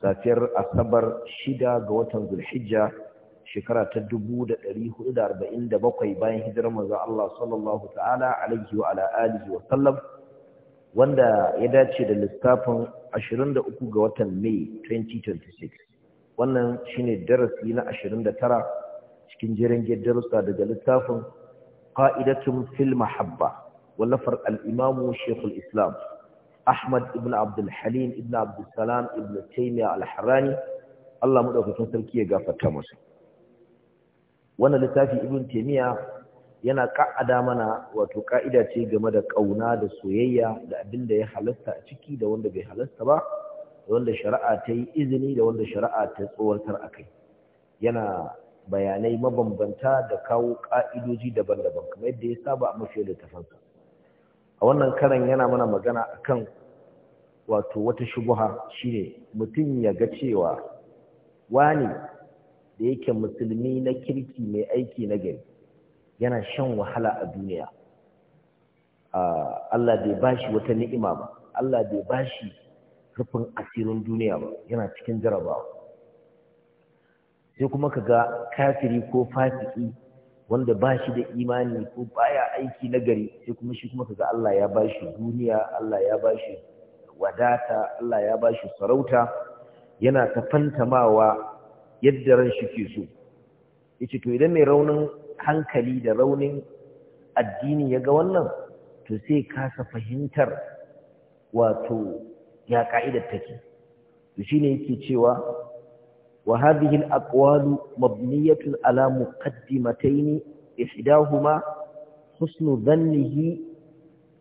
safiyar asabar shida ga watan zulhijja shekara ta dubu da da da ɗari arba'in bakwai, bayan hijirar manzon Allah sallallahu ta'ala alaihi wa ala alihi wa sallam wanda ya dace da lissafin 23 ga watan Mai 2026 wannan shine darasi na 29 cikin jerin darussa daga lissafin qa'idatun fil mahabba wallafar al'imamu imamu islam Ahmad ibn Abdul Halim ibn Abdul Salam ibn Taymiyyah al harani Allah madaukakin sarki ya gafarta masa wannan littafi ibn Taymiyyah yana ka'ada mana wato ka'ida ce game da kauna da soyayya da abin da ya halasta a ciki da wanda bai halasta ba da wanda shari'a ta yi izini da wanda shari'a ta a kai. yana bayanai mabambanta da kawo ka'idoji daban-daban kamar yadda ya saba a mafiya da tafansa a wannan karan yana mana magana akan wato wata shubuha shine mutum ya ga cewa wani da yake musulmi na kirki mai aiki na gari yana shan wahala a duniya Allah bai bashi wata ni'ima ba Allah bai bashi rufin asirin duniya ba yana cikin jarabawa sai kuma ka ga kafiri ko fasiki wanda ba shi da imani ko baya aiki na gari sai kuma shi kuma kaga Allah ya ba shi duniya Allah ya ba shi wadata Allah ya ba shi sarauta yana ta fantamawa yadda ran shi ke so yace to idan mai raunin hankali da raunin addini ya ga wannan to sai kasa fahimtar wato ya ka'idar take to shine yake cewa وهذه الأقوال مبنية على مقدمتين إحداهما حسن ظنه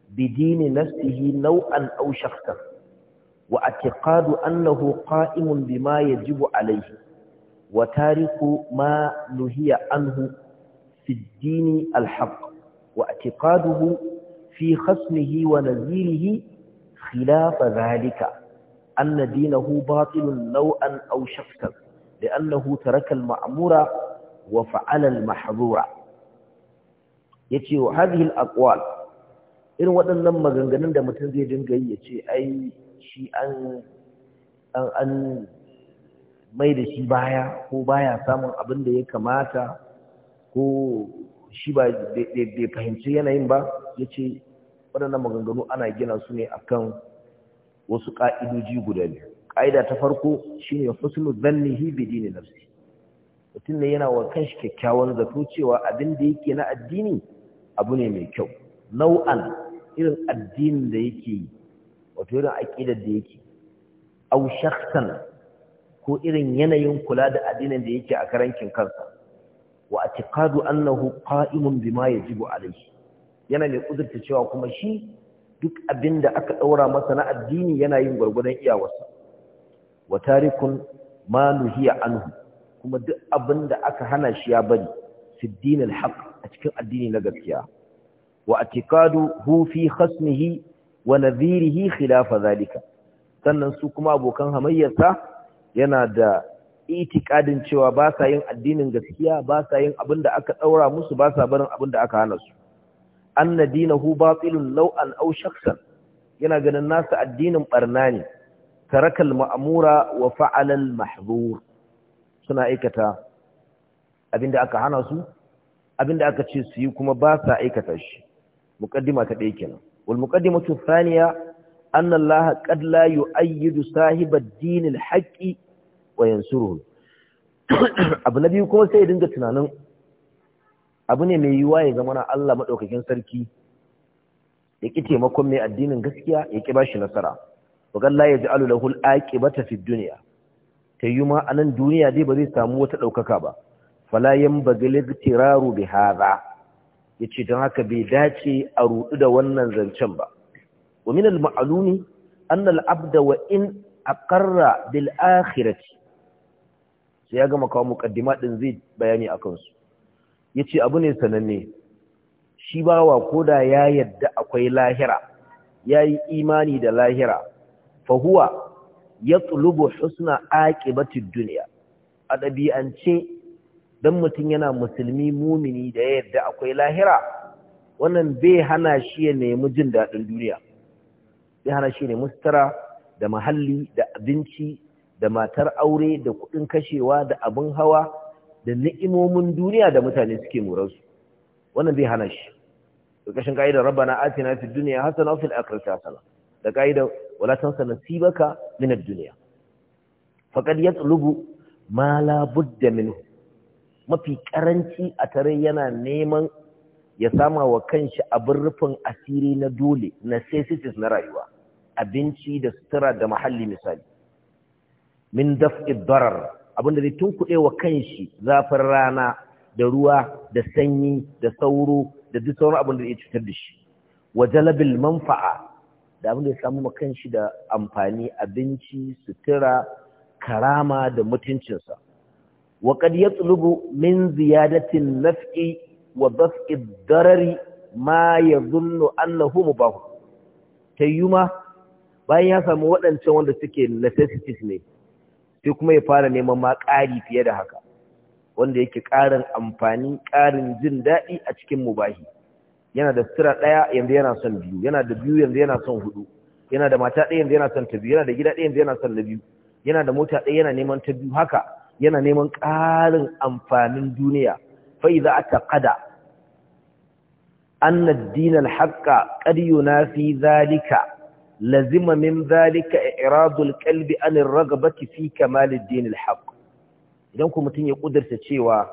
بدين نفسه نوعا أو شخصا واعتقاد أنه قائم بما يجب عليه وتارك ما نهي عنه في الدين الحق واعتقاده في خصمه ونزيله خلاف ذلك أن دينه باطل نوعا أو شخصا da annahu tarakal ma'mura wa fa'ala al-mahzura yace wa hadhihi al irin waɗannan maganganun da mutum zai dinga yi yace ai shi an an mai da shi baya ko baya samun abin da ya kamata ko shi ba bai fahimci yanayin ba yace waɗannan maganganu ana gina su ne akan wasu ka'idoji guda biyu ƙa'ida ta farko shine husnu dhannihi bi dini nafsi mutum ne yana wa kanshi kyakkyawan zato cewa abin da yake na addini abu ne mai kyau nau'an irin addinin da yake yi wato irin aƙidar da yake au shakhsan ko irin yanayin kula da addinin da yake a karankin kansa wa atiqadu annahu qa'imun bima yajibu alayhi yana mai kudurta cewa kuma shi duk abin da aka ɗaura masa na addini yana yin gwargwadon iyawarsa wa tarikun ma nuhiya anhu kuma duk abin da aka hana shi ya bari siddin alhaq a cikin addini na gaskiya wa atiqadu hu fi khasmihi wa nadhirihi khilafa zalika sannan su kuma abokan hamayyarsa yana da itikadin cewa ba sa yin addinin gaskiya ba sa yin abin da aka daura musu ba sa barin abin da aka hana su anna dinahu batilun nau'an aw shakhsan yana ganin nasa addinin barna ne tarakal ma'amura wa fa'alal mahzur suna aikata abinda aka hana su abinda aka ce su yi kuma ba sa aikata shi muqaddima ta ɗaya kenan wal muqaddimatu thaniya anna allaha qad la yu'ayyidu sahiba din al-haqqi wa yansuruhu abu na biyu kuma sai ya dinga tunanin abu ne mai yiwuwa ya zama na Allah madaukakin sarki ya ki taimakon mai addinin gaskiya ya ki bashi nasara wa ya ji ba al'aƙibata fi duniya ta yi ma a nan duniya dai ba zai samu wata ɗaukaka ba falayen bagalig tiraru bi haza ya ce don haka bai dace a rudu da wannan zancen ba wa min al-ma'alumi an Abda wa in aqarra bil akhirati sai ya gama kawo muqaddima din zai bayani akan su yace abu ne sananne shi bawa koda ya yadda akwai lahira yayi imani da lahira fahuwa ya tsulubu husna batun duniya a ɗabi'ance don mutum yana musulmi mumini da ya akwai lahira wannan bai hana shi ya nemi jin daɗin duniya bai hana shi ne mustara da mahalli da abinci da matar aure da kuɗin kashewa da abin hawa da ni'imomin duniya da mutane suke murarsu wannan bai hana shi ƙarƙashin ƙa'idar rabbana atina fid dunya hasana wa fil akhirati hasana da ƙa'idar wala tansa nasibaka min ad-dunya faqad yatlubu ma la da minhu mafi karanci a tare yana neman ya sama wa kanshi abin rufin asiri na dole necessities na rayuwa abinci da sutura da mahalli misali min daf'i darar abinda zai tunkuɗe wa kanshi zafin rana da ruwa da sanyi da sauro da duk sauran abin da ya cutar da shi wa jalabil manfa'a da abin da ya samu shi da amfani abinci sutura karama da mutuncinsa wa qad yatlubu min ziyadati naf'i wa daf'i darari ma yadhunnu annahu mubah tayyuma bayan ya samu waɗancan wanda suke necessities ne sai kuma ya fara neman ma ƙari fiye da haka wanda yake ƙarin amfani ƙarin jin daɗi a cikin mubahi yana da sutura ɗaya yanzu yana son biyu yana da biyu yanzu yana son hudu yana da mata ɗaya yanzu yana son ta biyu yana da gida ɗaya yanzu yana son na biyu yana da mota ɗaya yana neman ta biyu haka yana neman ƙarin amfanin duniya fa idza ataqada anna ad-din al-haqqa qad yunafi dhalika lazima min dhalika i'radu al-qalbi an ar-ragabati fi kamal ad-din al-haqq idan ku mutun ya kudirta cewa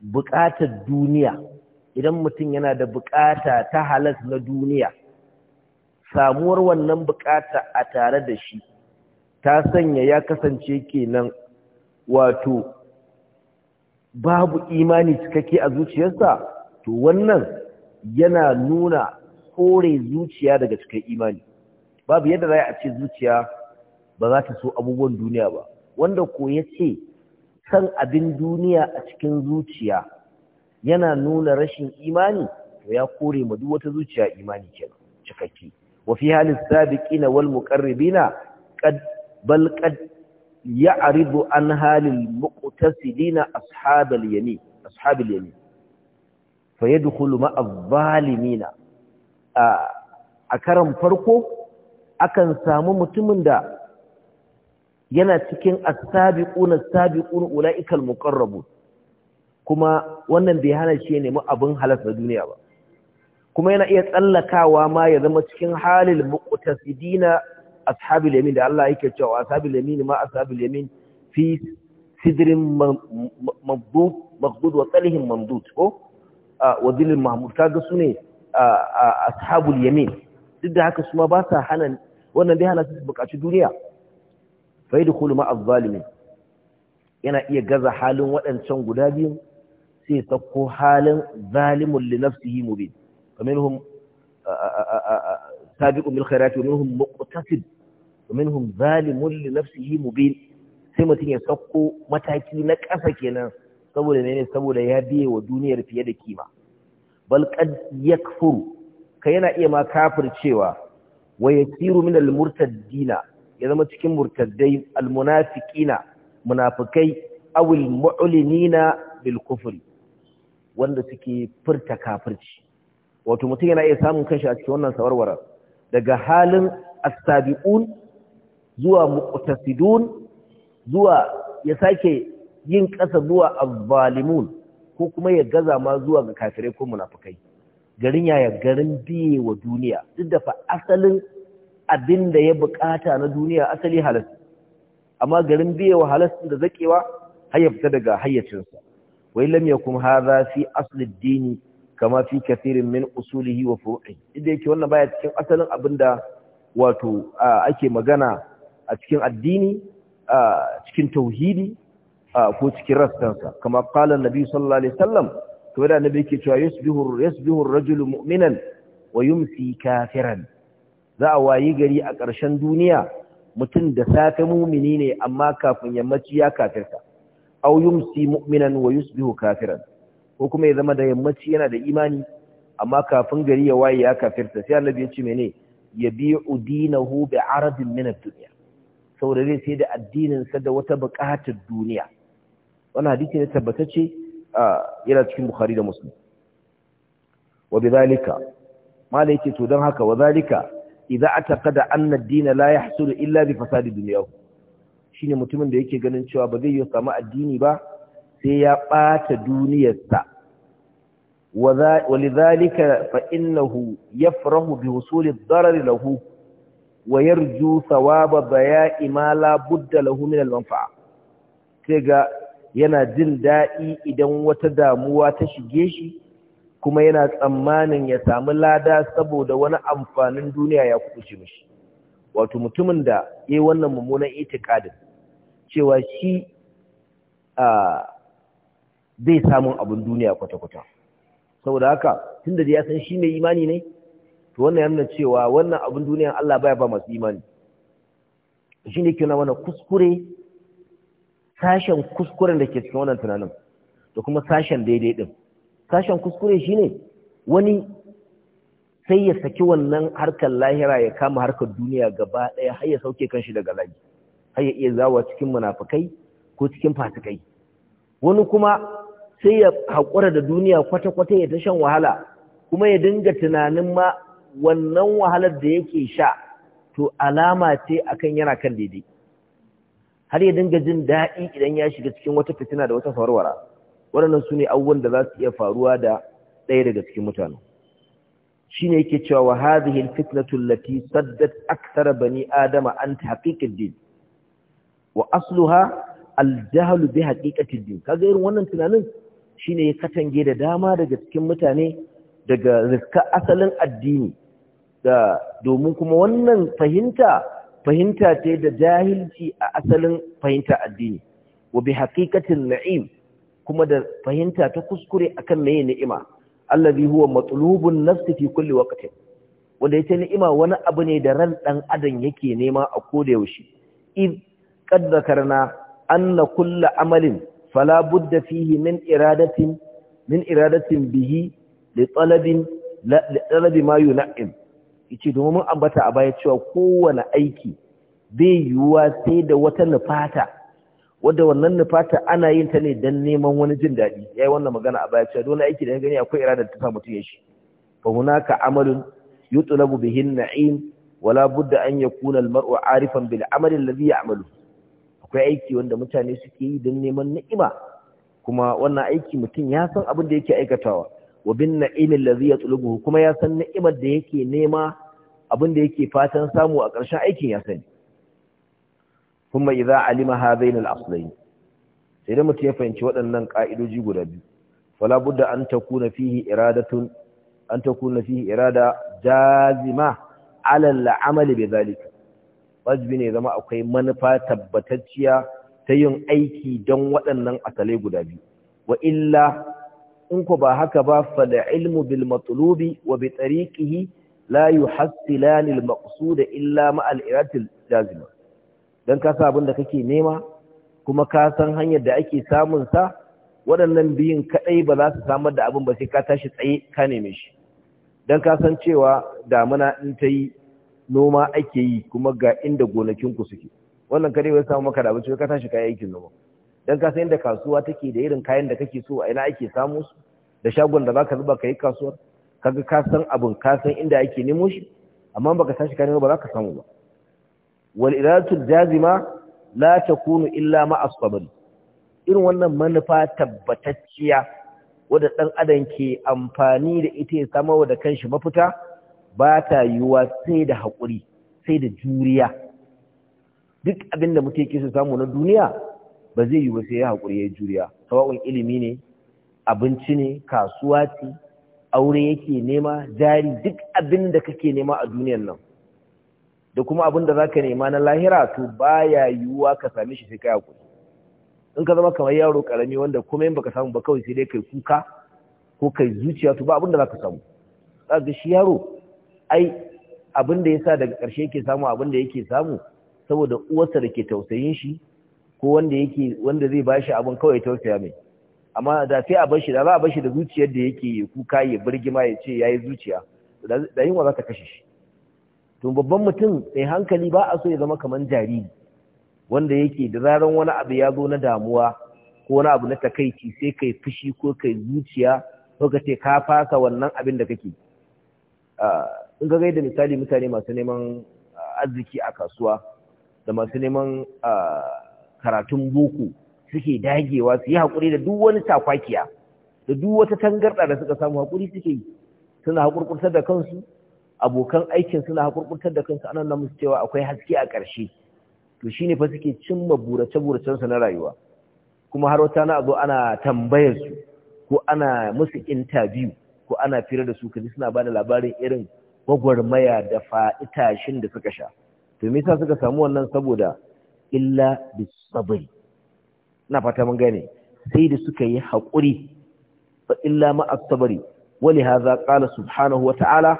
buƙatar duniya idan mutum yana da bukata ta halas na duniya samuwar wannan bukata a tare da shi ta sanya ya kasance kenan wato babu imani cikakke a zuciyarsa to wannan yana nuna kore zuciya daga cikin imani babu yadda za a ce zuciya ba za ta so abubuwan duniya ba wanda ko ya ce san abin duniya a cikin zuciya yana nuna rashin imani to ya kore mu duk wata zuciya imani kenan cikakke wa fi halis sabiqina wal muqarribina qad bal qad ya'ridu an halil muqtasidina ashab al yamin ashab al yamin fa ma adh-dhalimina a karan farko akan samu mutumin da yana cikin as-sabiquna as-sabiquna ulaika muqarrabun kuma wannan bai hana shi ya nemi abin halas na duniya ba kuma yana iya tsallakawa ma ya zama cikin halil muqtasidina ashabul yamin da Allah yake cewa ashabul yamin ma ashabul yamin fi sidrin mabdud mabdud wa talihim mamdud ko wa dilil mahmud kaga sune ashabul yamin duk da haka suma ba sa hana wannan bai hana su bukaci duniya fa yadkhulu ma az-zalimin yana iya gaza halin waɗancan guda biyu sai sauko halin zalimun li nafsihi mubin kaminhum sabiqun bil khairati wa minhum muqtasid wa minhum zalimun li nafsihi mubin sai mutum ya sauko mataki na ƙasa kenan saboda ne saboda ya biye wa duniyar fiye da kima bal qad yakfuru ka yana iya ma kafircewa wa yasiru min al murtaddina ya zama cikin murtaddai al munafiqina munafikai awil mu'linina bil kufri wanda suke furta kafirci wato mutum yana iya samun kanshi a cikin wannan sawarwara daga halin astabi'un zuwa muqtasidun zuwa ya sake yin ƙasa zuwa azzalimun ko kuma ya gaza ma zuwa ga kafirai ko munafikai garin yaya garin biye wa duniya duk da fa asalin abin da ya bukata na duniya asali halas amma garin biye wa halas da zakewa har ya fita daga hayyacinsa wai lam yakum hadha fi asli ad-din kama fi kathirin min usulihi wa furu'i idan yake wannan baya cikin asalin abinda wato ake magana a cikin addini cikin tauhidi ko cikin rassansa kama qala an-nabi sallallahu alaihi wasallam to da nabi yake cewa yasbihu yasbihu ar-rajulu mu'minan wa yumsi kafiran za a wayi gari a ƙarshen duniya mutum da safe mumini ne amma kafin yammaci ya kafirta aw yumsi mu'minan wa yusbihu kafiran ko kuma ya zama da yammaci yana da imani amma kafin gari ya waye ya kafirta sai annabi ya ce mene yabi'u dinahu bi aradin min ad-dunya saboda zai sai da addinin sa da wata buƙatar duniya wannan hadisi ne tabbatacce yana cikin bukhari da muslim wa bidhalika malai ce to don haka wa zalika idza ataqada anna ad-din la yahsulu illa bi fasadi dunyahu shine mutumin da yake ganin cewa ba zai yi samu addini ba sai ya ɓata duniyarsa zalika fa innahu yafrahu bi husuli darar lahu wa yarju thawaba baya'i ma la budda lahu min al-manfa'a sai ga yana jin daɗi idan wata damuwa ta shige shi kuma yana tsammanin ya samu lada saboda wani amfanin duniya ya kuɓuce mishi wato mutumin da ya yi wannan mummunan itikadin cewa shi zai samun abin duniya kwata-kwata saboda haka tun da ya san shi mai imani ne to wannan yana cewa wannan abin duniyan Allah baya ba masu imani shi ne kina wannan kuskure sashen kuskuren da ke cikin wannan tunanin da kuma sashen daidai ɗin sashen kuskure shi ne wani sai ya saki wannan harkar lahira ya kama harkar duniya gaba ɗaya har ya sauke kanshi daga lagi har ya iya zawa cikin munafikai ko cikin fasikai wani kuma sai ya haƙura da duniya kwata-kwata ya ta shan wahala kuma ya dinga tunanin ma wannan wahalar da yake sha to alama ce akan yana kan daidai har ya dinga jin daɗi idan ya shiga cikin wata fitina da wata farwara waɗannan su ne abubuwan da za su iya faruwa da ɗaya daga cikin mutane shi ne yake cewa wa hadhihi alfitnatu allati saddat bani adama an ta haƙiƙin din wa asluha aljahlu bi haqiqati din kaga irin wannan tunanin shine ya katange da dama daga cikin mutane daga riska asalin addini da domin kuma wannan fahimta fahimta ce da jahilci a asalin fahimta addini wa bi haqiqatil na'im kuma da fahimta ta kuskure akan meye ni'ima allazi huwa matlubun nafsi fi kulli waqtin wanda yace ni'ima wani abu ne da ran dan adam yake nema a koda yaushe qad zakarna anna kull amalin fala budda fihi min iradatin min iradatin bihi li talabin li talabi yace domin mun ambata a baya cewa kowane aiki bai yiwuwa sai da wata nufata wadda wannan nufata ana yin ta ne don neman wani jin daɗi ya yi wannan magana a baya cewa dole aiki da ya gani akwai iradar ta sa mutum ya shi fa hunaka amalun yutlabu bihin na'im wala budda an yakuna al-mar'u arifan bil amali alladhi ya'malu akwai aiki wanda mutane suke yi don neman ni'ima kuma wannan aiki mutum ya san abin da yake aikatawa wa bin na'imin lazi ya tsulubuhu kuma ya san ni'imar da yake nema abin da yake fatan samu a ƙarshen aikin ya sani kuma idza alima hadain al-aslayn sai da mutum ya fahimci waɗannan ka'idoji guda biyu fala budda an takuna fihi iradatun irada jazima ala al-amali bi zalika wajibi ne zama akwai manufa tabbatacciya ta yin aiki don waɗannan asalai guda biyu wa illa in ku ba haka ba fada ilmu bil matlubi wa bi tariqihi la yuhassilan al illa ma'al al iratil lazima ka sa abin da kake nema kuma ka san hanyar da ake samun sa waɗannan biyun kadai ba za su samar da abin ba sai ka tashi tsaye ka neme shi Don ka san cewa damuna in ta yi noma ake yi kuma ga inda gonakinku suke wannan kare wai samu maka da abinci ka tashi kai aikin noma dan ka san inda kasuwa take da irin kayan da kake so a ina ake samu su da shagon da zaka zuba kai kasuwar kaga ka san abin ka san inda ake nemo shi amma baka tashi ka nemo ba zaka samu ba wal iradatul jazima la takunu illa ma asbab irin wannan manufa tabbatacciya wanda dan adam ke amfani da ita ya samu da kanshi mafita ba ta yiwuwa sai da haƙuri sai da juriya duk abin da mutum yake so samu na duniya ba zai yiwu sai ya haƙuri ya juriya sawa'un ilimi ne abinci ne kasuwa ce aure yake nema jari duk abin da kake nema a duniyan nan da kuma abin da ka nema na lahira to baya yiwuwa ka same shi sai kai haƙuri. in ka zama kamar yaro karami wanda kuma baka samu ba kawai sai dai kai kuka ko kai zuciya to ba abin da ka samu Za ka shi yaro ai abin da yasa daga ƙarshe yake samu abin da yake samu saboda uwarsa da ke tausayin shi ko wanda yake wanda zai bashi abin kawai tausaya mai amma da sai a bar shi da za a bar shi da zuciyar da yake ya kuka ya birgima ya ce yayi zuciya da yin wa za kashe shi to babban mutum mai hankali ba a so ya zama kamar jariri wanda yake da zaran wani abu ya zo na damuwa ko wani abu na takaici sai kai fushi ko kai zuciya ko ka ce ka fasa wannan abin da kake in ga gaida misali mutane masu neman ah, arziki a kasuwa da masu neman ah, karatun boko suke dagewa su yi haƙuri da duk wani takwakiya da duk wata tangarɗa da suka samu haƙuri suke yi suna haƙurƙurtar da kansu abokan aikin suna haƙurƙurtar da kansu anan musu cewa akwai haske a ƙarshe to shine fa suke cimma burace-buracensu na rayuwa kuma har wata na zo ana tambayar su ko ana musu interview ko ana fira da su kaji suna bada labarin irin gwagwarmaya da faɗi da suka sha to me yasa suka samu wannan saboda illa bisabri ina fata mun gane sai da suka yi haƙuri ba illa ma wani sabri wali hadha subhanahu wa ta'ala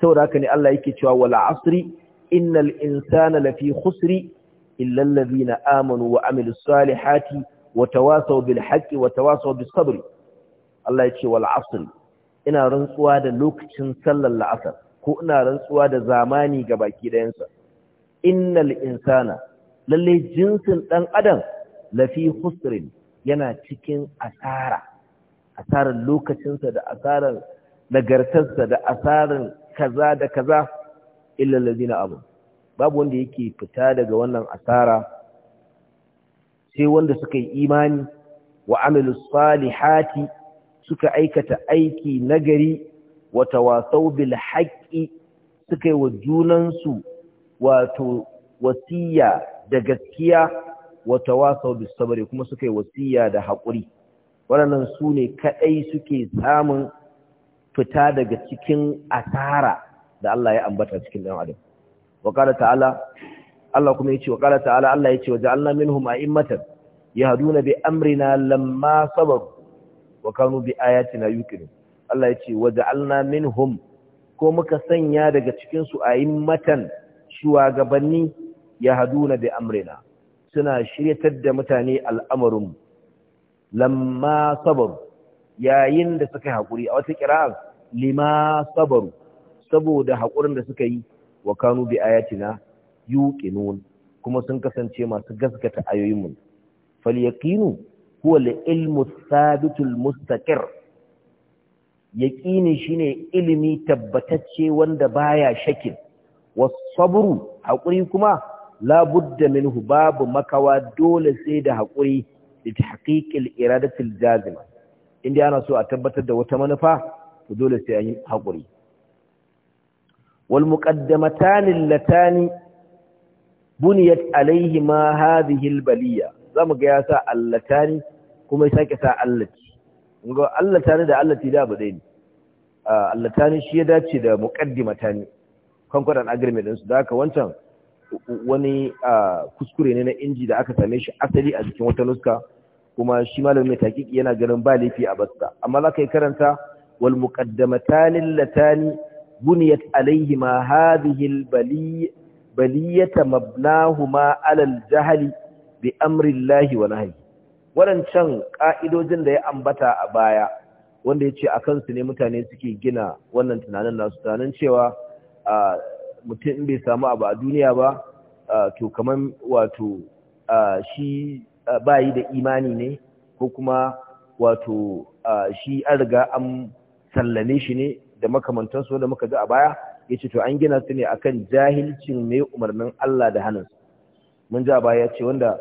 saboda haka ne Allah yake cewa wal asri innal insana lafi khusri illa alladhina amanu wa amilus salihati wa tawasaw bil haqqi wa tawasaw bis sabari. Allah yake wal asri ina rantsuwa da lokacin sallar la'asar ko ina rantsuwa da zamani ga baki ɗayansa innal insana lalle jinsin ɗan adam lafi husrin yana cikin asara asarar lokacinsa da asarar nagartarsa da asarar kaza da kaza illal na abu babu wanda yake fita daga wannan asara sai wanda suka yi imani wa amilus salihati suka aikata aiki nagari wata wasau bil haƙƙi suka yi wa junansu wato wasiya da gaskiya wata wasau bis sabari kuma suka yi wasiya da haƙuri waɗannan su ne kaɗai suke samun fita daga cikin asara da Allah ya ambata cikin ɗan adam wa ta'ala Allah kuma yace wa qala ta'ala Allah yace wa ja'alna minhum a'immatan yahduna bi amrina lamma sabaru wa kanu bi ayatina yuqinun Allah ya ce waja'alna minhum ko muka sanya daga cikin su a'immatan ya yahduna bi amrina suna shiryatar da mutane al'amarin lamma sabaru yayin da suka haƙuri a wata kira lima sabaru saboda haƙurin da suka yi wa kanu bi ayatina yuqinun kuma sun kasance masu gaskata ayoyinmu fal yaqinu huwa al ilmu thabitul mustaqir yaƙini shine ilimi tabbatacce wanda baya shakin wasabru hakuri kuma labudda minhu babu makawa dole sai da haƙuri da iradatil jazima inda ana so a tabbatar da wata manufa to dole sai an yi hakuri wal muqaddamatan allatani buniyat alayhima hadhihi baliya, zamu ga yasa allatani kuma sake sa allati ga Allah tani da Allah tida da ɗaya ne Allah tani shi ya dace da muqaddima tani concordant agreement din su da haka wancan wani kuskure ne na inji da aka same shi asali a cikin wata nuska kuma shi malamin mai taqiqi yana ganin ba laifi a baska amma za ka yi karanta wal muqaddamatani allatani buniyat alayhima hadhihi al baliyata mabnahuma ala al jahli bi amri Allah wa nahyi waɗancan ƙa'idojin da ya ambata a baya wanda ya ce a kansu ne mutane suke gina wannan tunanin nasu tunanin cewa mutum bai samu abu a duniya ba to kamar wato shi bayi da imani ne ko kuma wato shi an riga an sallame shi ne da makamantansu da muka ga a baya ya ce to an gina su ne akan jahilcin mai umarnin Allah da hannun mun ja baya ce wanda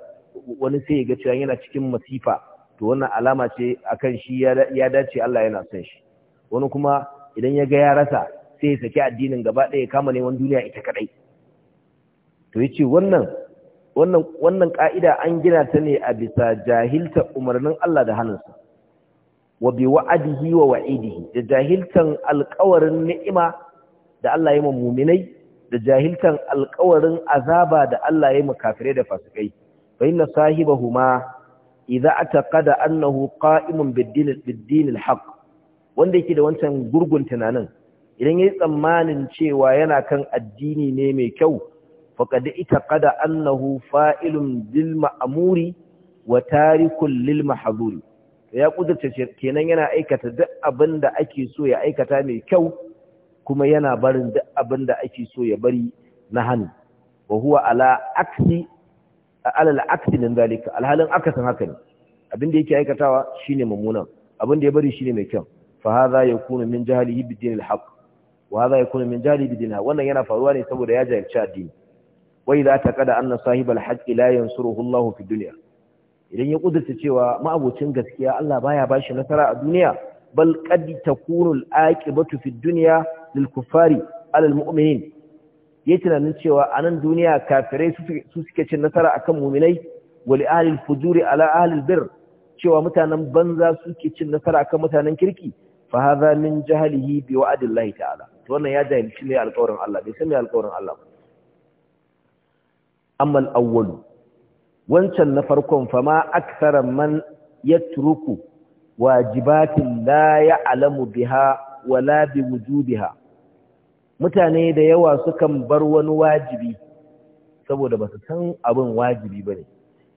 wani sai ya ga cewa yana cikin masifa to wannan alama ce akan shi ya dace Allah yana son shi wani kuma idan ya ga ya rasa sai ya saki addinin gaba ɗaya kama neman duniya ita kadai to yace wannan wannan wannan ka'ida an gina ta ne a bisa jahilta umarnin Allah da hannunsa wa bi wa'adihi wa wa'idihi da jahiltan alƙawarin ni'ima da Allah ya yi mu'minai da jahiltan alƙawarin azaba da Allah ya yi kafirai da fasikai fa inna sahibahuma idza ataqada annahu qa'imun bid-din wanda yake da wancan gurgun tunanin idan yayi tsammanin cewa yana kan addini ne mai kyau faqad itaqada annahu fa'ilun lil ma'muri wa tarikun lil mahzuri ya kudurta kenan yana aikata duk abin da ake so ya aikata mai kyau kuma yana barin duk abin da ake so ya bari na hannu wa huwa ala aksi alal aksi min zalika alhalin akasin haka ne abin da yake aikatawa shine mummunan abin da ya bari shine mai kyau fa hadha yakunu min jahlihi bid-din wa hadha yakunu min jahlihi bid alhaq? wannan yana faruwa ne saboda ya jahilci addini wa idza taqada anna sahibal haqqi la yansuruhu Allahu fi dunya idan ya kudurta cewa ma'abocin gaskiya Allah baya bashi nasara a duniya bal qad takunu al-aqibatu fi dunya lil kuffari ala al-mu'minin ya tunanin cewa a nan duniya kafirai su suke cin nasara akan muminai wali ahlil fujuri ala ahlil bir cewa mutanen banza suke cin nasara akan mutanen kirki fa hadha min jahlihi bi Lahi ta'ala to wannan ya jahilci ne alƙawarin Allah bai san me alƙawarin Allah ba amma al wancan na farkon fa ma akthara man yatruku wajibatin la ya'lamu biha wala bi wujubiha mutane da yawa sukan bar wani wajibi saboda ba su san abin wajibi ba ne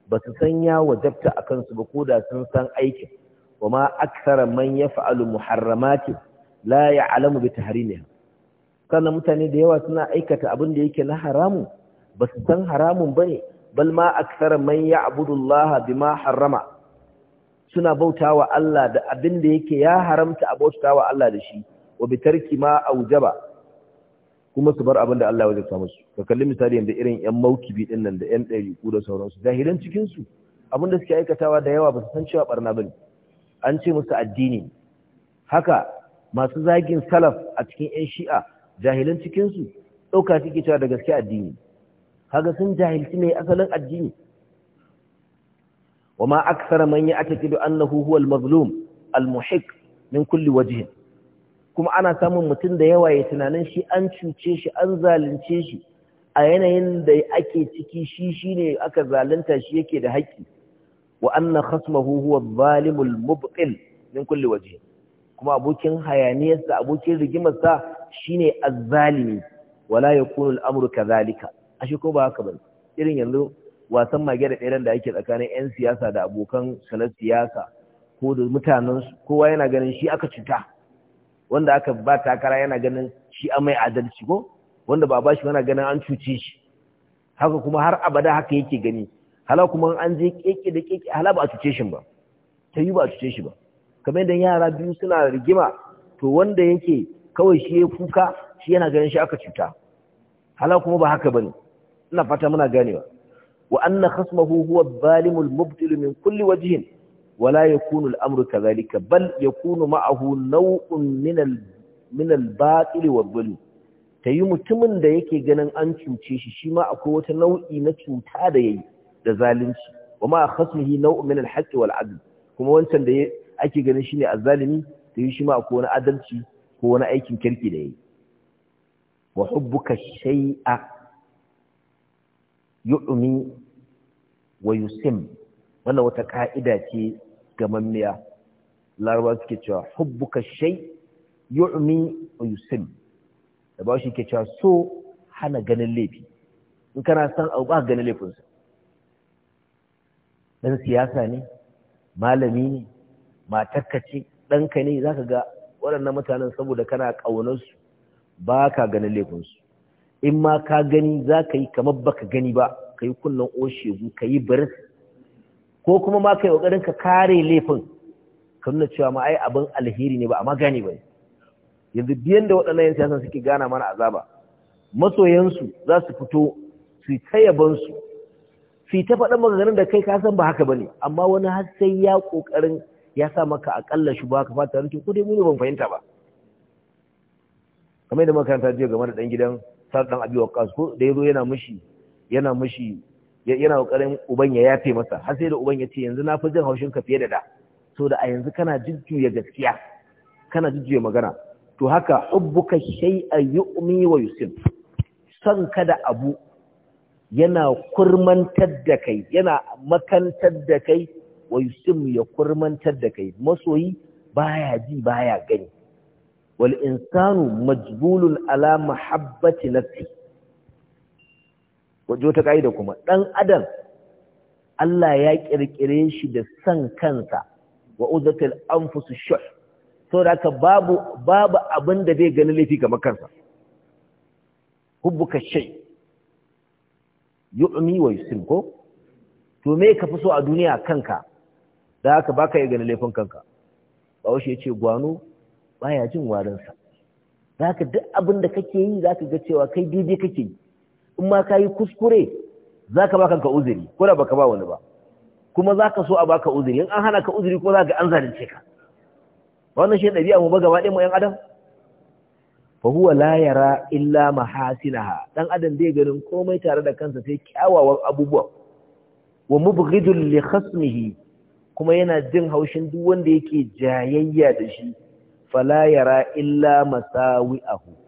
ba su san ya wajabta a kansu ba ko da sun san aikin wa ma aksara man ya fa'alu muharramati la ya alamu bi ne sannan mutane da yawa suna aikata abin da yake na haramu ba su san haramun ba ne bal ma aksara man ya bi bima harrama suna bautawa Allah da abin da yake ya haramta a bautawa Allah da shi wa bi tarki ma wujaba. kuma su bar abin da Allah ya wajabta musu ka kalli misali yanda irin yan maukibi din nan da yan ɗari ku da sauransu jahilan cikin su abin da suke aikatawa da yawa ba su san cewa barna bane an ce musu addini haka masu zagin salaf a cikin yan shi'a jahilan cikin su ɗauka suke cewa da gaske addini kaga sun jahilci ne asalin addini وما أكثر من يعتقد أنه هو المظلوم المحق من kulli وجه kuma ana samun mutum da yawa ya tunanin shi an cuce shi an zalunce shi a yanayin da ake ciki shi shine aka zalunta shi yake da haƙƙi wa anna khasmahu huwa zalimul mubqil min kulli waje kuma abokin hayaniyarsa abokin rigimarsa shine azzalimi wala yakunu al-amru kadhalika ashe ko ba haka bane irin yanzu wasan mage da ɗeran da ake tsakanin 'yan siyasa da abokan salat siyasa ko da mutanen kowa yana ganin shi aka cuta wanda aka ba takara yana ganin shi a mai adalci ko wanda ba ba shi yana ganin an cuce shi haka kuma har abada haka yake gani hala kuma an je keke da keke hala ba a cuce shi ba ta yi ba a cuce shi ba kamar yadda yara biyu suna rigima to wanda yake kawai shi ya kuka shi yana ganin shi aka cuta hala kuma ba haka bane ina fata muna ganewa wa anna khasmahu huwa zalimul mubtil min kulli wajhin ولا يكون الأمر كذلك بل يكون معه نوع من ال... من الباطل والظلم tayi mutumin da yake ganin an cuce shi shi ma akwai wata nau'i na cuta da yayi da zalunci wa ma khasmihi naw'un min al-haqq wal adl kuma wancan da ake ganin shine azzalimi tayi shi ma akwai wani adalci ko wani aikin kirki da yayi wa hubbuka shay'a yu'mi wa yusim wannan wata ka'ida ce gamammiya laraba suke cewa hubbuka shay yu'mi a yusim da ba shi ke cewa so hana ganin laifi in kana san abu ba ganin laifinsa ɗan siyasa ne malami ne matakka ce ɗanka ne Za ka ga waɗannan mutanen saboda kana ƙaunarsu ba ka ganin laifinsu in ma ka gani za ka yi kamar ba ka gani ba ka yi kunnen oshegu ka yi baris ko kuma ma kai kokarin ka kare laifin ka nuna cewa ma ai abin alheri ne ba amma gane bai. yanzu biyan da waɗannan yan siyasa suke gana mana azaba masoyansu za su fito su ta yaban su ta faɗa maganganun da kai ka san ba haka bane amma wani har sai ya kokarin ya sa maka akalla shi ba ka fata ranke ko dai mu ban fahimta ba kamar da makaranta jiya game da dan gidan sar dan abi ko da yazo yana mushi yana mushi yana ƙoƙarin uban ya yafe masa har sai da uban ya ce yanzu na fi jin haushin ka fiye da da so da a yanzu kana jujjuya gaskiya kana jujjuya magana to haka ubbuka a yu'mi wa yusim san kada abu yana kurmantar da kai yana makantar da kai wa yusim ya kurmantar da kai masoyi baya ji baya gani wal insanu majbulun ala mahabbati nafsihi waje wata ka'ida kuma ɗan adam Allah ya ƙirƙire shi da san kansa wa uzatil anfusu shuh saboda haka babu babu abin da bai gani laifi ga kansa hubbuka shay yu'mi wa yusim ko to me ka fi so a duniya kanka da haka baka yi ganin laifin kanka bawo shi yace gwano baya jin warin sa da haka duk abin da kake yi zaka ga cewa kai daidai kake yi in ma ka yi kuskure za ka ba kanka uzuri ko da baka ba wani ba kuma za ka so a baka uzuri in an hana ka uzuri ko za ka an zalunce ka wannan shi ɗabi'a mu ba gaba ɗaya mu ‘yan adam fa huwa la yara illa mahasinaha dan adam bai ganin komai tare da kansa sai kyawawan abubuwa wa mubghidul li khasmihi kuma yana jin haushin duk wanda yake jayayya da shi fala yara illa masawi'ahu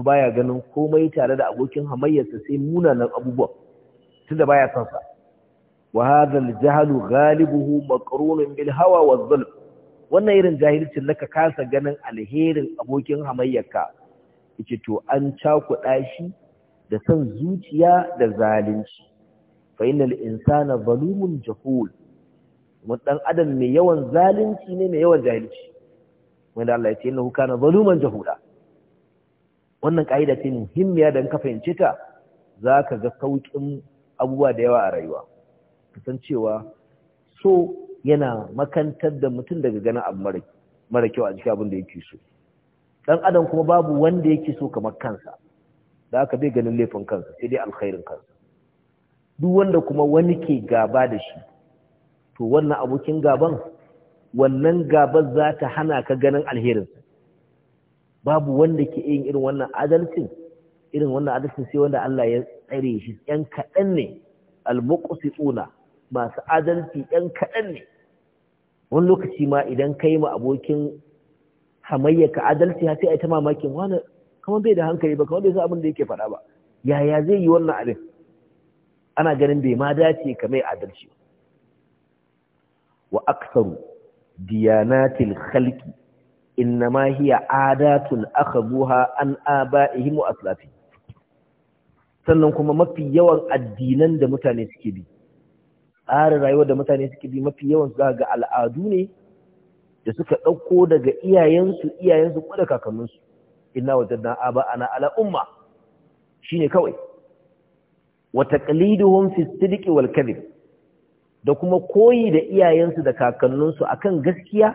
baya ganin komai tare da abokin hamayyarsa sai munanan abubuwa da baya son sa wa hadhal jahlu ghalibuhu maqrunun bil hawa waz zulm wannan irin jahilcin naka kasa ganin alherin abokin hamayyarka yace to an cakuɗa shi da san zuciya da zalunci fa innal insana zalumun jahul mun dan adam mai yawan zalunci ne mai yawan jahilci wanda Allah ya ce innahu kana zaluman jahula wannan ka'ida ce muhimmiya da ka fahimce ta za ka ga sauƙin abubuwa da yawa a rayuwa cewa so yana makantar da mutum daga ganin abu mara kyau a cikin abin da yake so dan adam kuma babu wanda yake so kamar kansa da aka bai ganin laifin kansa sai dai alkhairin kansa duk wanda kuma wani ke gaba da shi to wannan abokin gaban wannan gaban za ta hana ka ganin alherinsa babu wanda ke yin irin wannan adalcin irin wannan adalcin sai wanda Allah ya tsare shi yan kaɗan ne almuqsituna masu adalci yan kaɗan ne wani lokaci ma idan kai ma abokin hamayya ka adalci sai ai ta mamakin wani kuma bai da hankali ba kamar bai san abin da yake faɗa ba yaya zai yi wannan abin ana ganin bai ma dace ka mai adalci wa aksaru diyanatil khalqi إنما هي عادات أخذوها an آبائهم وأسلافهم sannan kuma mafi yawan addinan da mutane suke bi tsarin rayuwar da mutane suke bi mafi yawan za ga al'adu ne da suka ɗauko daga iyayensu iyayensu ko da kakanninsu inna wajadna ana ala umma shine kawai wa taqliduhum fi sidqi wal kadhib da kuma koyi da iyayensu da kakanninsu akan gaskiya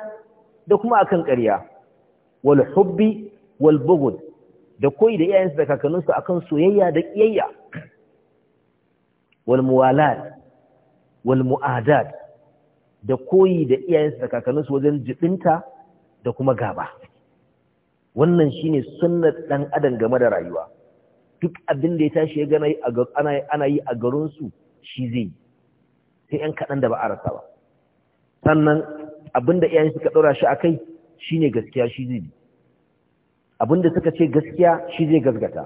da kuma akan ƙarya wal hubbi wal bughd da koyi da iyayensu da kakanninsu akan soyayya da kiyayya wal muwalat wal mu'adat da koyi da iyayensu da kakanninsu wajen jibinta da kuma gaba wannan shine sunnar dan adam game da rayuwa duk abin da ya tashi ya gana ana yi a garinsu shi zai sai ‘yan kaɗan da ba a rasa ba sannan abinda iyayen suka ɗora shi a kai shine gaskiya shi zai bi abinda suka ce gaskiya shi zai gaskata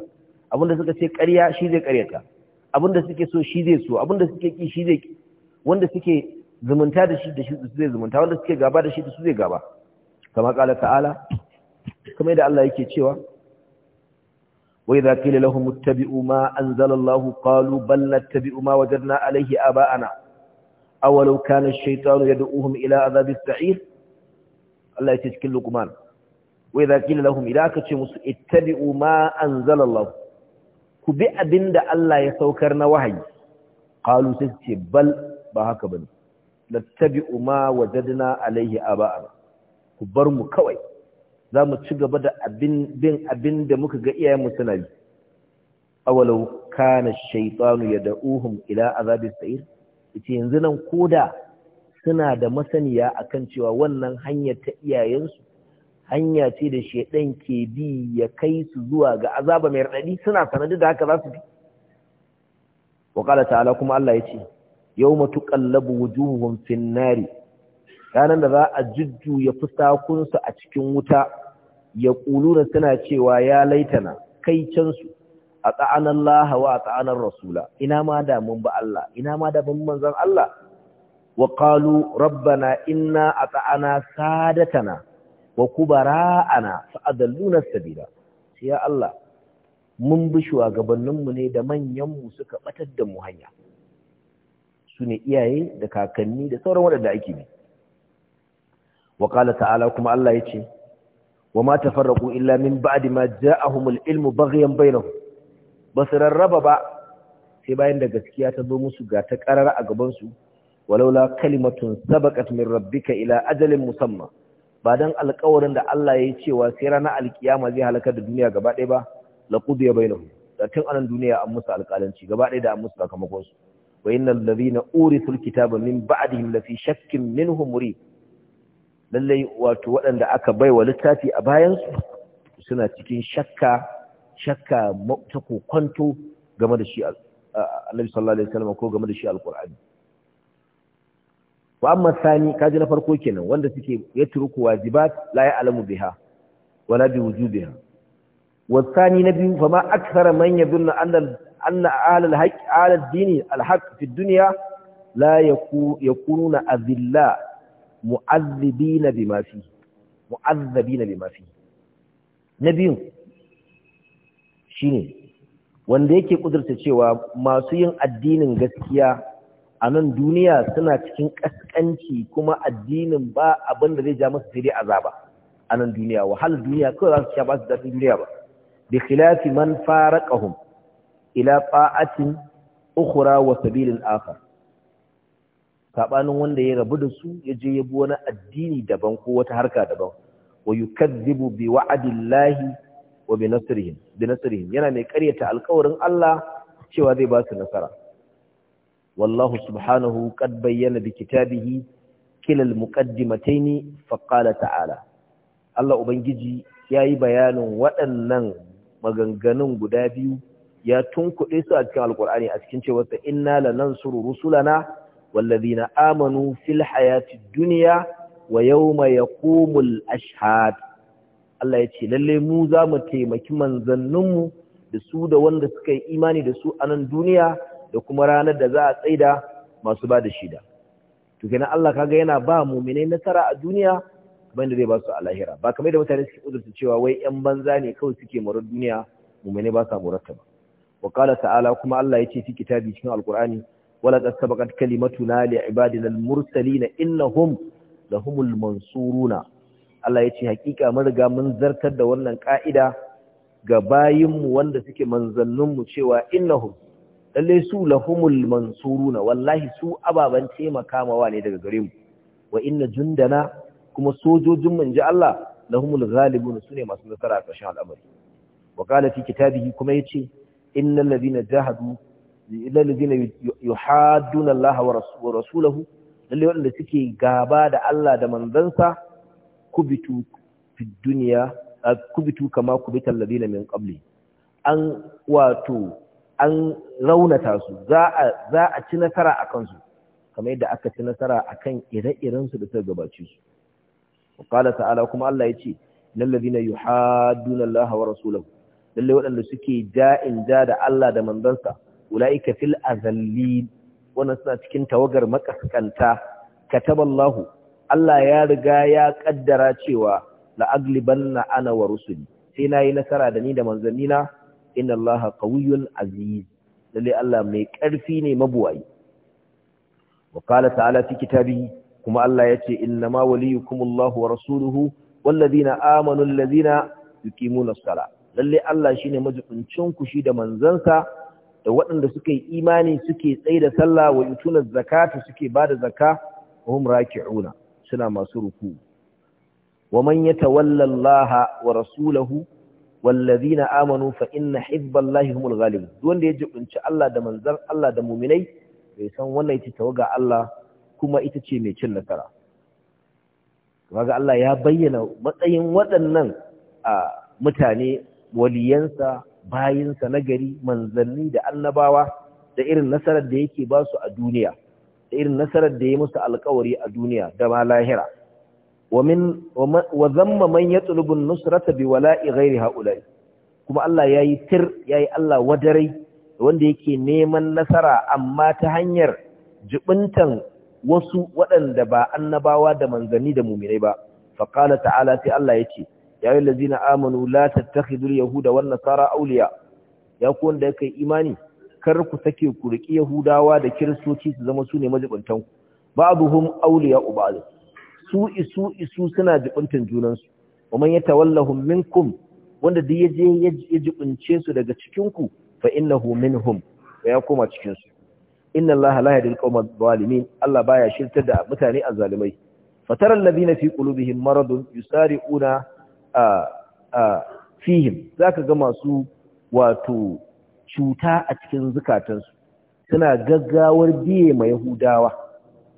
abinda suka ce ƙarya shi zai ƙaryata abinda suke so shi zai so abinda suke ki shi zai wanda suke zumunta da shi da shi zai zumunta wanda suke gaba da shi da su zai gaba kama kala ta'ala kamar da Allah yake cewa wa idza qila lahum ittabi'u ma anzala Allahu qalu bal nattabi'u ma wajadna alayhi aba'ana awalau kana ash-shaytanu yad'uhum ila adhab as-sa'ir Allah ya ce cikin Luqman wa idza qila lahum idza ka ce musu ittabi'u ma anzala Allah ku bi abinda Allah ya saukar na wahayi qalu sai ce bal ba haka bane lattabi'u ma wajadna Alayhi aba'ana ku bar mu kawai za mu ci gaba da abin bin abin da muka ga iyayenmu suna bi awalau kana ash-shaytanu yad'uhum ila adhab as-sa'ir yace yanzu nan ko da suna da masaniya a kan cewa wannan hanyar ta iyayensu hanya ce da shaidan ke bi ya kai su zuwa ga azaba mai radadi suna sanadi da haka za su bi wa qala ta'ala kuma Allah ya ce yawma tuqallabu wujuhum fin finnari Ranar da za a jujjuya fusakunsu a cikin wuta ya kuluna suna cewa ya laitana kai can a tsa'anar Lahawa a tsa'anar rasula ina ma damun ba Allah ina ma damun manzan Allah wa ƙalu rabbana ina a tsa'ana sadatana wa kubara'ana fa'adallunar sai ya Allah mun bi shugabanninmu ne da manyanmu suka batar da mu hanya su ne iyaye da kakanni da sauran waɗanda ake bi wa ƙala ta'ala kuma Allah ya ce wa ma tafarraku illa min ba'di ma ja'ahumul ilmu baghyan bainahum ba su rarraba ba sai bayan da gaskiya ta zo musu ga ta karar a gabansu walaula kalimatun sabaqat min rabbika ila ajalin musamma ba dan alƙawarin da Allah ya yi cewa sai rana alkiyama zai halaka da duniya gaba ɗaya ba la ya bainahu da tun anan duniya an musu alƙalanci gaba ɗaya da an musu sakamakon su wa innal ladhina urithul kitaba min ba'dihim la fi shakkin minhum muri lallai wato waɗanda aka baiwa littafi a bayan su suna cikin shakka shakka ta kokwanto game da shi annabi sallallahu alaihi wasallam ko game da shi alqur'ani wa amma sani kaji na farko kenan wanda suke yatruku wajibat la ya'lamu biha wala bi wujubiha wa sani nabi fa ma akthara man yadunna anna anna ahli al al fi duniya? dunya la yakununa adilla mu'azzibina bima fihi mu'azzabina bima fihi nabiyun ne wanda yake kudurta cewa masu yin addinin gaskiya a nan duniya suna cikin ƙasƙanci kuma addinin ba abin da zai ja masu sai dai azaba a nan duniya wahalar duniya kawai za su sha ba su daɗin duniya ba bi khilafi man faraqahum ila fa'atin ukhra wa sabilin akhar sabanin wanda ya rabu da su ya je ya bi wani addini daban ko wata harka daban wa yukazzibu bi wa'dillahi wa bi nasrihim yana mai ƙaryata alƙawarin Allah cewa zai ba su nasara wallahu subhanahu qad bayyana bi kitabihi kilal muqaddimataini fa qala ta'ala Allah ubangiji yayi bayanin waɗannan maganganun guda biyu ya tunkuɗe su a cikin alkur'ani a cikin cewa ta inna lanansuru rusulana wallazina amanu fil hayati dunya wa yawma yaqumul ashhad Allah ya ce lalle mu za mu taimaki manzanninmu da su da wanda suka yi imani da su a nan duniya da kuma ranar da za a tsaida masu ba da shida to Allah kaga yana ba mu'minai nasara a duniya kamar da zai ba su a lahira ba kamar da mutane suke kudurta cewa wai yan banza ne kawai suke murar duniya mu'minai ba sa murarta ba wa ta'ala kuma Allah ya ce cikin kitabi cikin alqur'ani wala qad sabaqat kalimatuna li ibadina al-mursalin innahum lahumul mansuruna Allah ya ce hakika mun riga mun zartar da wannan ka'ida ga bayinmu wanda suke manzanninmu cewa innahum lalle su lahumul mansuruna wallahi su ababan taimaka mawa ne daga gare mu wa inna jundana kuma sojojin mun ji Allah lahumul ghalibun sune masu nasara a ƙarshen al'amari wa qala fi kitabihi kuma yace innal ladina jahadu illal ladina yuhadduna Allah wa rasulahu lalle wanda suke gaba da Allah da manzansa kubitu fi duniya kubitu kama kubitan ladina min qabli an wato an raunata su za a za a ci nasara akan su kamar yadda aka ci nasara akan ire-iren su da suka gabace su qala ta'ala kuma Allah yace lil ladina yuhadduna Allah wa rasulahu lalle waɗanda suke da'in ja da Allah da manzansa ulaika fil azallin wannan suna cikin tawagar makaskanta kataballahu Allah ya riga ya kaddara cewa la'aglibanna ana wa rusuli sai na yi nasara da ni da manzannina inna Allah qawiyyun aziz lalle Allah mai ƙarfi ne mabuwayi wa qala ta'ala fi kitabihi kuma Allah yace innama waliyukumullahu wa rasuluhu walladhina amanu alladhina yuqimuna as-sala lalle Allah shine majibincin ku shi da manzansa da waɗanda suka yi imani suke tsaye da sallah wa yutuna zakata suke bada zakka hum raki'una suna masu ruku wa man yatawalla Allah wa rasulahu wallazina amanu fa inna hizballahi humul ghalib wanda ya jibinci Allah da manzon Allah da mu'minai bai san wannan ita tawaga Allah kuma ita ce mai cin nasara Waga Allah ya bayyana matsayin waɗannan a mutane waliyansa bayinsa nagari manzanni da annabawa da irin nasarar da yake ba su a duniya irin nasarar da ya musu alkawari a duniya da ma lahira wa zamma man ya tsulubin nusrata bi wala'i ghairi haulai kuma Allah ya yi tir ya yi Allah wadarai wanda yake neman nasara amma ta hanyar jibintan wasu waɗanda ba annabawa da manzanni da muminai ba faƙala ta'ala sai Allah ya ce ya yi lazina amanu la tattakhidul yahuda wan nasara auliya ya ku wanda yake imani kar ku sake ku riki yahudawa da kiristoci su zama su ne majibantan ku ba'dhum awliya'u ba'd su isu isu suna jibuntan junan su ya man yatawallahum minkum wanda duk yaje ya jibunce su daga cikin ku fa innahu minhum ya koma cikin su inna allaha la yahdi al-qawma allah baya shirtar da mutane azzalimai fatara alladhina fi qulubihim maradun yusari'una a fihim zaka ga masu wato cuta a cikin zukatansu suna gaggawar biye ma yahudawa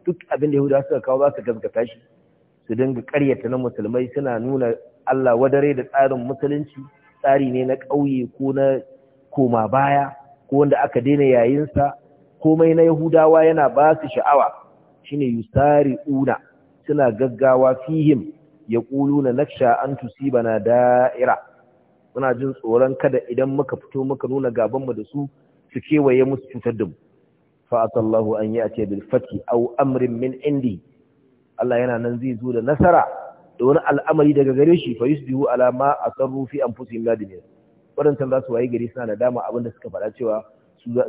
duk abin da yahudawa suka kawo za su gaskata shi su dinga karyata na musulmai suna nuna Allah wadare da tsarin musulunci tsari ne na ƙauye ko na koma baya ko wanda aka daina yayinsa komai na yahudawa yana ba su sha'awa shine yusari una suna gaggawa fihim ya ƙulu na an tusibana da'ira muna jin tsoron kada idan muka fito muka nuna gabanmu da su su kewaye musu cutar da mu fa'atallahu an yi a ce Fati, au amrin min indi Allah yana nan zai zo da nasara da wani al'amari daga gare shi fa yusbihu ala ma asarru fi anfusihim nadimin wadannan za su waye gari suna da dama abinda suka faɗa cewa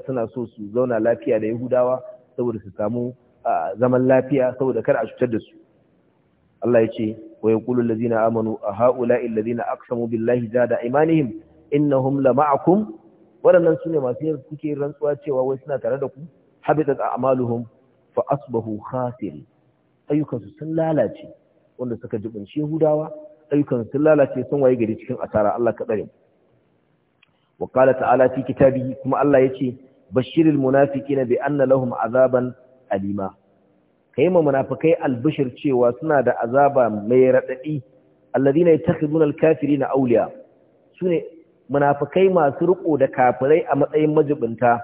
suna so su zauna lafiya da Yahudawa saboda su samu ah, zaman lafiya saboda kar a cutar da su Allah ya ce ويقول الذين آمنوا هؤلاء الذين أقسموا بالله زاد إيمانهم إنهم لمعكم ولن سنة ما سير كي رنسوا da وسنا تردكم حبطت أعمالهم فأصبحوا خاسرين أيكم سلالاتي wanda suka jibinci hudawa. Ayyukansu sun lalace sun waye gari cikin asara Allah ka tsare wa qala ta'ala fi kitabihi kuma Allah ce, bashiril munafiqina bi anna lahum azaban alima kai ma munafikai albishir cewa suna da azaba mai raɗaɗi alladhina yattakhiduna alkafirina awliya sune munafikai masu riko da kafirai a matsayin majibinta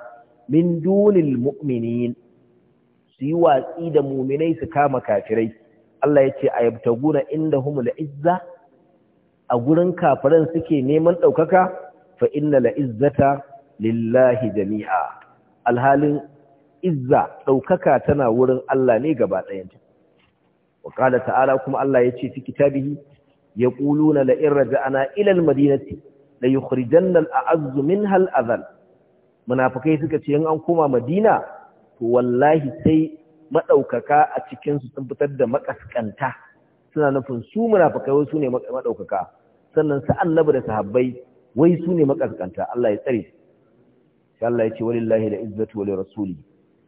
min dunil mu'minin su yi watsi da muminai su kama kafirai Allah ya ce a yabtaguna indahum al'izza a gurin kafiran suke neman ɗaukaka fa inna la'izzata lillahi jami'a alhalin izza ɗaukaka tana wurin Allah ne gaba ɗayanta wa qala ta'ala kuma Allah ce fi kitabihi yaquluna la in raja'na ana ilal madinati la yukhrijanna al-a'azz minha hal azal. Munafukai suka ce in an koma madina to wallahi sai madaukaka a cikinsu sun fitar da makaskanta suna nufin su munafukai wai su ne maɗaukaka? sannan su annabi da sahabbai wai su ne makaskanta Allah ya tsare Allah ya ce walillahi da izzatu wani rasuli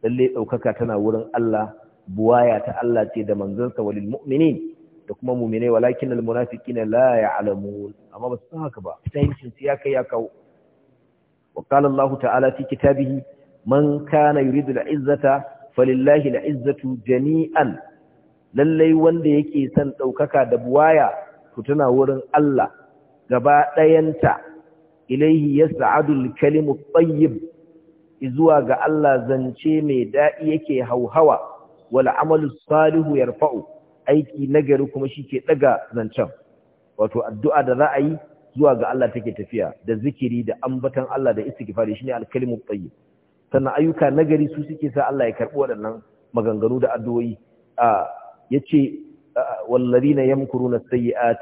lalle ɗaukaka tana wurin Allah buwaya ta Allah ce da manzansa walil mu'minin da kuma mu'minai walakin al munafiqina la ya'lamun amma ba su haka ba fahimcin su ya kai ya kawo wa qala Allah ta'ala fi kitabihi man kana yuridu al izzata falillahi al izzatu jami'an lalle wanda yake son ɗaukaka da buwaya to tana wurin Allah gaba ɗayanta ilaihi yas'adul Kalimut tayyib zuwa ga Allah zance mai daɗi yake hauhawa wal amalu salihu yarfa'u aiki nagari kuma shi ke ɗaga zancen wato addu'a da za a yi zuwa ga Allah take tafiya da zikiri da ambatan Allah da istighfari shine al-kalimu tayyib sannan ayyuka nagari su suke sa Allah ya karɓi waɗannan maganganu da addu'o'i a yace na yamkuruna sayyi'at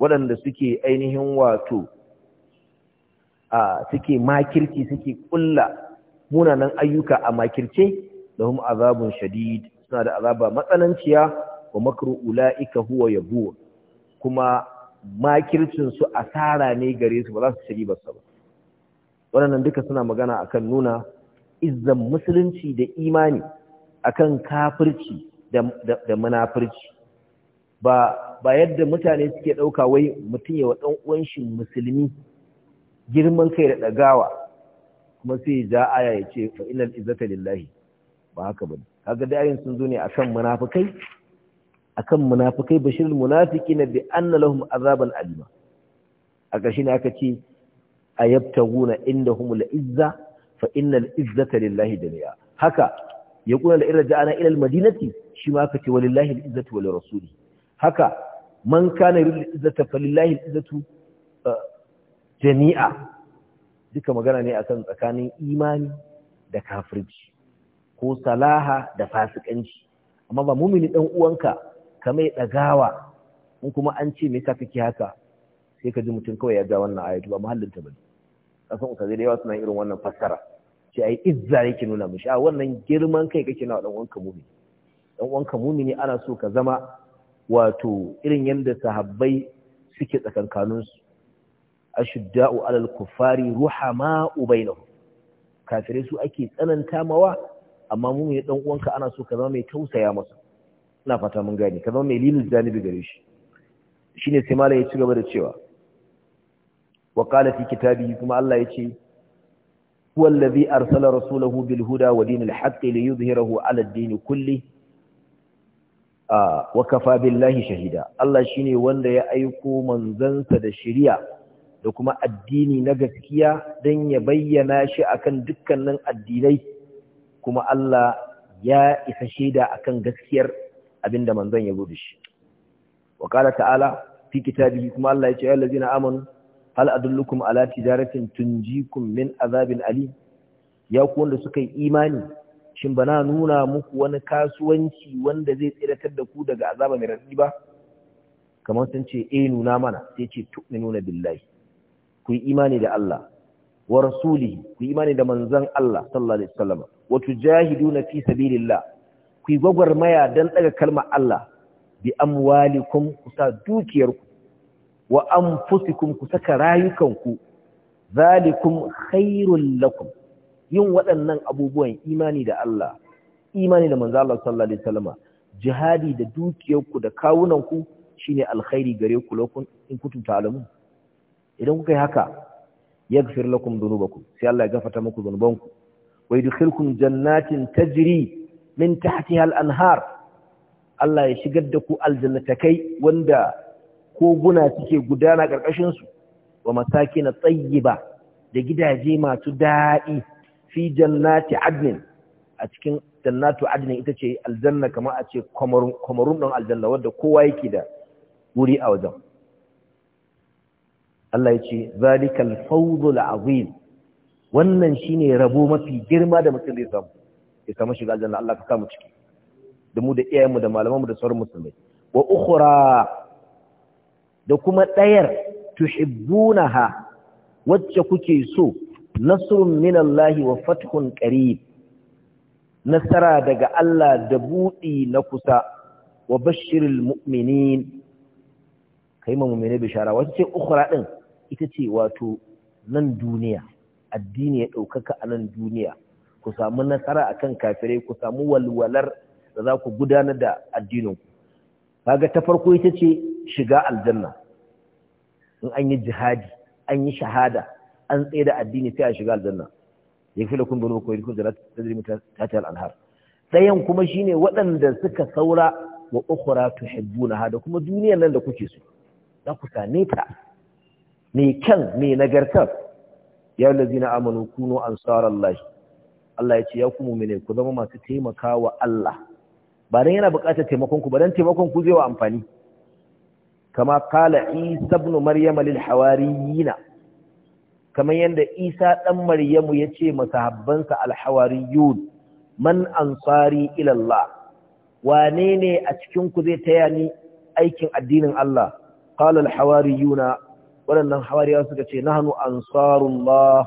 waɗanda suke ainihin wato a suke makirki suke kulla munanan ayyuka a makirce lahum azabun shadid suna da azaba matsananciya wa makru ulaika huwa yabu kuma makircin su asara ne gare su ba za su shiri ba ba wannan duka suna magana akan nuna izzan musulunci da imani akan kafirci da da munafirci ba ba yadda mutane suke ɗauka, wai mutum ya wa dan uwan shi musulmi girman kai da ɗagawa. kuma sai ja aya ya ce fa inal izzata lillahi ba haka bane kaga da ayin sun zo ne akan munafikai akan munafikai bashirul munafiqina bi anna lahum azaban alima a ƙarshe ne aka ce a ayabtaguna indahum al-izza fa innal izzata lillahi jami'a haka yaqulu la irja ana ila al-madinati shi ma aka ce walillahi al-izzatu wa rasuli. haka man kana yuridu al-izzata lillahi al-izzatu eh, jami'a duka magana ne akan tsakanin imani da kafirci ko salaha da fasikanci amma ba mumini dan uwanka ka mai dagawa in kuma an ce me ka kake haka sai ka ji mutum kawai ya ga wannan ayatu ba muhallin ta bane kasan zai da yawa suna irin wannan fassara ce ai izza yake nuna mishi a wannan girman kai kake na dan uwanka mumini dan uwanka mumini ana so ka zama wato irin yadda sahabbai suke tsakankanunsu ashidda'u alal kufari ruhama'u bainahum kafirai su ake tsananta mawa amma mu ne dan uwanka ana so ka zama mai tausaya masa ina fata mun gane ka zama mai lilin janibi gare shi shine sai malai ya ci gaba da cewa wa qala fi kuma Allah ya ce huwa allazi arsala rasulahu bil huda wa dinil haqqi liyudhhirahu ala ad-din kulli wa kafa billahi shahida Allah shine wanda ya aiko manzansa da shari'a da kuma addini na gaskiya don ya bayyana shi akan dukkanin addinai kuma Allah ya isa shaida akan gaskiyar abinda manzon ya gudu shi wa qala ta'ala fi kitabihi kuma Allah ya ce ya allazina amanu hal adullukum ala tijaratin tunjikum min azabin ali ya ku wanda suka yi imani shin bana nuna muku wani kasuwanci wanda zai tsiratar da ku daga azaba mai ba kamar sun ce eh nuna mana sai ce tu'minuna billahi ku yi imani da Allah wa rasulihi ku yi imani da manzon Allah sallallahu alaihi wasallam wa tujahiduna fi sabilillah ku yi gwagwarmaya dan daga kalmar Allah bi amwalikum ku sa dukiyarku wa anfusikum ku saka rayukanku zalikum khairul lakum yin waɗannan abubuwan imani da Allah imani da manzo Allah sallallahu alaihi wasallam jihadi da dukiyarku da kawunanku shine alkhairi gare ku lokun in kuntum ta'lamun idan kuka yi haka yaghfir lakum dhunubakum sai Allah ya gafarta muku dhunubanku wa yudkhilkum jannatin tajri min tahtiha al-anhar Allah ya shigar da ku aljannatakai wanda koguna suke gudana karkashin su wa masakin tayyiba da gidaje masu daɗi fi jannati adnin a cikin jannatu adnin ita ce aljanna kamar a ce kwamarun ɗan aljanna wadda kowa yake da wuri a wajen Allah ya ce zalikal fawzul azim wannan shine rabo mafi girma da mutum zai samu ya samu shiga aljanna Allah ka samu ciki da mu da iyayenmu da malamanmu da sauran musulmai wa ukhra da kuma tuhibbuna tuhibbunaha wacce kuke so nasrun minallahi wa fathun qarib nasara daga Allah da buɗi na kusa wa bashiril mu'minin kai ma mu'mine bishara wacce ukhra ɗin? ita ce wato nan duniya addini ya ɗaukaka a nan duniya ku samu nasara a kan kafirai ku samu walwalar da za ku gudanar da addininku kaga ta farko ita ce shiga aljanna in an yi jihadi an yi shahada an tsaye da addini sai a shiga aljanna ya fi lakun bano ko da ta zirmi ta ta al'anhar ɗayan kuma shine waɗanda suka saura wa ukhra tuhibbuna hada kuma duniyar nan da kuke so za ku same ta mai kyan mai nagartar ya lazina amanu kunu ansarallahi Allah ya ce ya ku mu'mine ku zama masu taimakawa Allah ba dan yana buƙatar taimakon ku ba dan taimakon ku zai wa amfani kama qala Isa ibn Maryam lil hawariyina kamar yanda Isa dan Maryamu yace masahabbansa al hawariyun man ansari ila Allah wane ne a cikin ku zai taya ni aikin addinin Allah qala al hawariyuna waɗannan hawariya suka ce nahnu ansarullah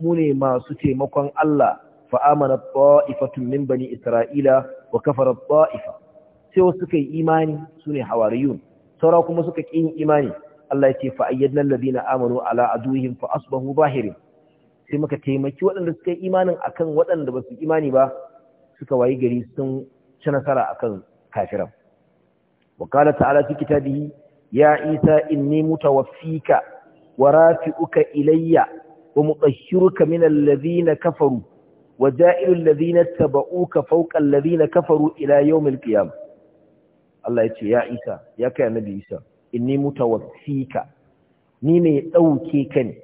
mu ne masu taimakon Allah fa amana ta'ifatun min bani isra'ila wa kafara ta'ifa sai wasu suka imani sune hawariyun saura kuma suka yin imani Allah ya ce fa ayyadna alladhina amanu ala ba fa asbahu zahirin sai muka taimaki waɗanda suka yi imanin akan waɗanda ba su imani ba suka wayi gari sun ci nasara akan kafiran wa qala ta'ala fi kitabihi ya isa inni mutawaffika wa rafi'uka ilayya wa mutahhiruka min alladhina kafaru wa ja'ilu alladhina tabauka fawqa alladhina kafaru ila yawmil qiyam Allah ya ce ya isa ya kai annabi isa inni mutawaffika ni ne dauke ka ne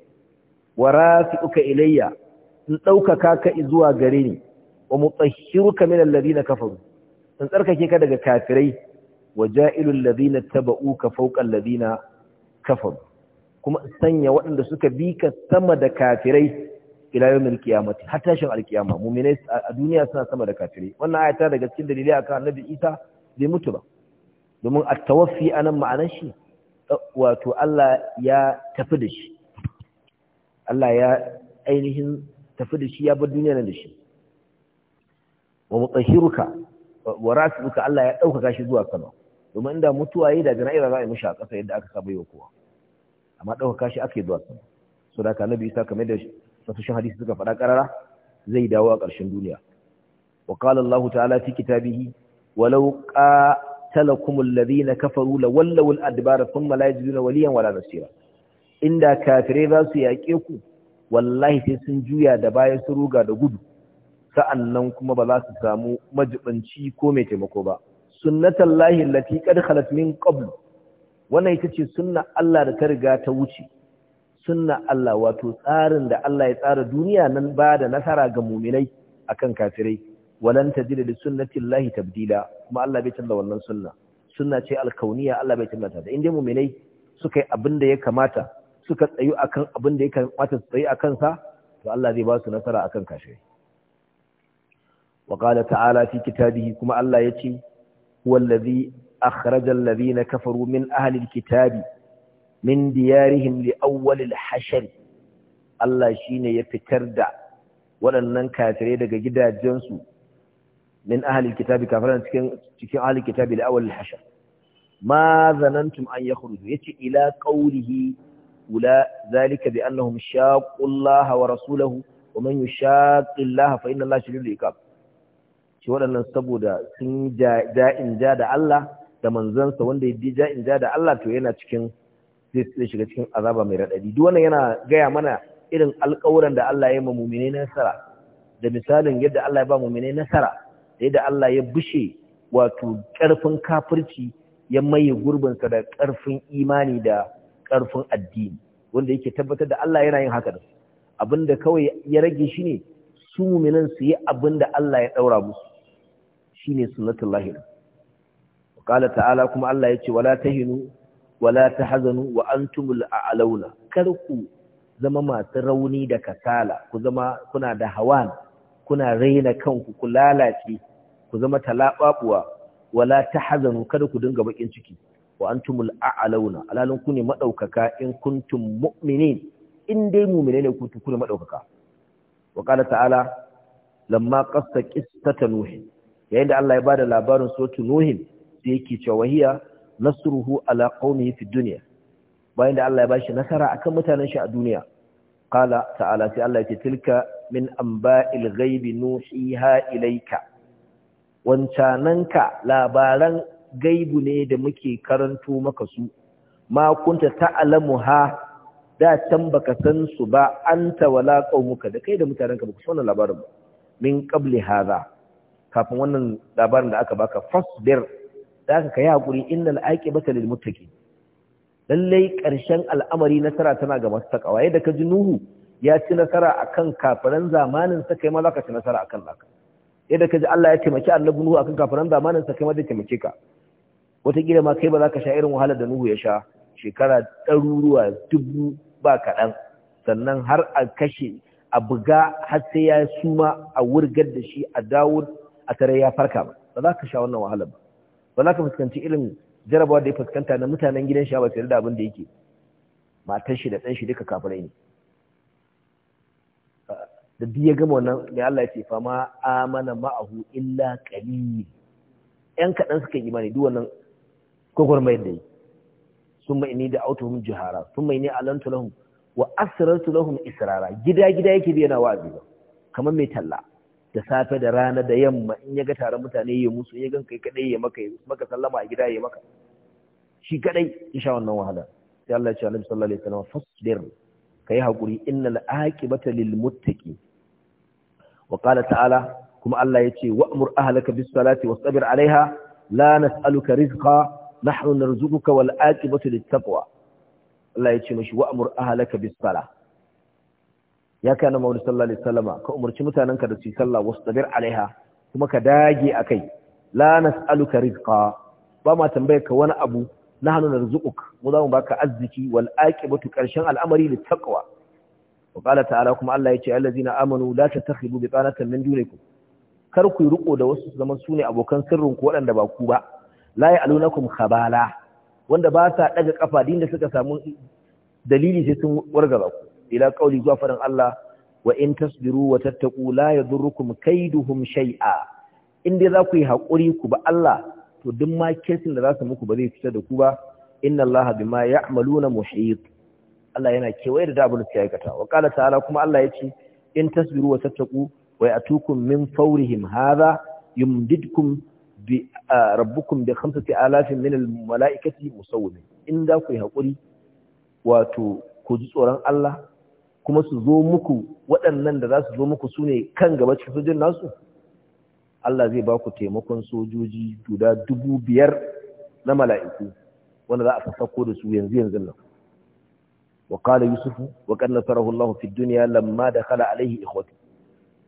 wa rafi'uka ilayya in daukaka ka zuwa gare ni wa mutahhiruka min alladhina kafaru in tsarkake ka daga kafirai وجائل الذين اتبعوك فوق الذين كفروا kuma sanya waɗanda suka bi ka sama da kafirai ila yawmin qiyamati har tashin alkiyama mu'minai a duniya suna sama da kafirai wannan ayata daga cikin dalilai akan annabi Isa bai mutu ba domin at-tawaffi anan ma'anar shi wato Allah ya tafi da shi Allah ya ainihin tafi da shi ya bar duniya nan da shi wa wa Allah ya ɗaukaka shi zuwa sama domin da mutuwa yi da jana'iza za a yi a ƙasa yadda aka saba yi wa kowa amma ɗaukaka shi ake zuwa sama so da ka nabi isa kamar da sassushin hadisi suka faɗa ƙarara zai dawo a ƙarshen duniya wa qala Allah ta'ala fi kitabihi walau qatalakum alladhina kafaru la wallaw al-adbara thumma la yajiduna waliyan wala nasira inda kafirai za su yaƙe ku wallahi sai sun juya da baya su ruga da gudu sa'annan kuma ba za su samu majibanci ko mai taimako ba sunnatallahi allati qad khalat min qabl wannan ita ce sunna Allah da ta riga ta wuce sunna Allah wato tsarin da Allah ya tsara duniya nan ba da nasara ga mu'minai akan kafirai walan tajida li Llahi tabdila kuma Allah bai canza wannan sunna sunna ce alkauniya Allah bai canza ta da inda mu'minai suka yi abin da ya kamata suka tsayu akan abin da ya kamata su tsayi akan sa to Allah zai ba su nasara akan kafirai wa qala ta'ala fi kitabihi kuma Allah ce. هو الذي أخرج الذين كفروا من أهل الكتاب من Allah لأول الحشر الله شين يفتردع waɗannan kafirai daga gidajensu min ahalil kitabi kafiran cikin cikin ahalil kitabi da awal hashar ma zanantum an yakhruju yace ila qawlihi ula zalika bi annahum shaqullaha wa rasulahu wa man yushaqillaha fa inna ce waɗannan saboda sun ja'in ja da Allah da manzansa wanda ya bi ja'in ja da Allah to yana cikin zai shiga cikin azaba mai raɗaɗi duk wannan yana gaya mana irin alƙawuran da Allah ya yi mumine nasara da misalin yadda Allah ya ba mumine nasara da yadda Allah ya bushe wato ƙarfin kafirci ya maye gurbinsa da ƙarfin imani da ƙarfin addini wanda yake tabbatar da Allah yana yin haka da su abinda kawai ya rage shi ne su muminan su yi da Allah ya ɗaura musu shine sunnatul lahir qala ta'ala kuma Allah yace wala tahinu wala tahzanu wa antumul a'launa kar ku zama masu rauni da kasala ku zama kuna da hawan kuna raina kanku ku lalace ku zama talababuwa wala tahzanu kada ku dinga baƙin ciki wa antumul a'launa alalun ku ne madaukaka in kuntum mu'minin in dai mu'mine ne ku ku ne madaukaka wa qala ta'ala lamma qasta qistata nuh yayin da Allah ya bada labarin suratu nuhin da yake cewa wahiya nasruhu ala qaumihi fi dunya bayan da Allah ya bashi nasara akan mutanen shi a duniya qala ta'ala sai Allah ya ce tilka min amba'il ghaibi nuhiha ilayka wancananka labaran gaibu ne da muke karanto maka su ma kunta ha! da can baka san su ba anta wala qaumuka da kai da mutanenka baka san labarin ba min qabli hadha kafin wannan labarin da aka baka fasbir da aka kai hakuri innal aqibata lil muttaqin lallai ƙarshen al'amari nasara tana ga masu takawa yadda ka ji nuhu ya ci nasara akan kafiran zamanin sa kai ma ci nasara akan laka yadda ka ji Allah ya taimaki annabi nuhu akan kafiran zamanin sa kai ma zai taimake ka wataƙila ma kai ba za ka sha irin wahalar da nuhu ya sha shekara ɗaruruwa dubu ba kaɗan sannan har a kashe a buga har sai ya suma a wurgar da shi a dawo a tare ya farka ba ba za ka sha wannan wahalar ba ba za ka fuskanci irin jarabawa da ya fuskanta na mutanen gidan sha ba tare da abin da yake matar shi da ɗan shi duka kafirai ne da biya ya gama wannan mai Allah ya ce fa ma amana ma'ahu illa qalil yan kaɗan suka yi imani duk wannan gwagwarmayar da yi sun mai ni da Autum jihara sun mai ni alantu lahum wa asrartu lahum israra gida gida yake biyana wa'azi ba kamar mai talla da safe da rana da yamma in ya ga taron mutane ya musu ya gan kai kadai ya maka maka sallama a gida ya maka shi kadai ya sha wannan wahala sai Allah ya ce Annabi sallallahu alaihi wasallam fasbir kai hakuri innal aqibata lil muttaqi wa qala ta'ala kuma Allah ya ce wa'mur ahlaka bis salati wasbir alaiha la nas'aluka rizqa nahnu narzuquka wal aqibatu lit taqwa Allah ya ce mashi wa'mur ahlaka bis salah ya kai na maudu sallallahu alaihi wasallama ka umarci mutanenka da su sallah wasu tsabir alaiha kuma ka dage a kai la nas'aluka rizqa ba ma tambayar ka wani abu na hannu na mu za mu baka arziki wal aqibatu karshen al'amari li taqwa wa qala ta'ala kuma Allah ya ce allazina amanu la tattakhidu bi qanatan min dunikum kar ku riko da wasu zama sune abokan sirrin ku waɗanda ba ku ba la ya'lunakum khabala wanda ba sa daga kafa din da suka samu dalili sai sun wargaza ku ila qauli zuwa faɗin Allah wa in tasbiru wa tattaqu la yadurrukum in dai za hakuri ku ba Allah to duk da za su muku ba zai da ku ba inna Allah kewaye da abin da aikata wa qala ta'ala kuma Allah in tasbiru wa tattaqu wa ya'tukum in hakuri wato ku ji tsoron Allah kuma su zo muku waɗannan da za su zo muku su ne kan gaba cikin sojin nasu Allah zai ba ku taimakon sojoji guda dubu biyar na mala'iku wanda za a sassako da su yanzu yanzu nan wa qala yusufu wa qad nasarahu Allah fi duniya lamma dakhala alayhi ikhwati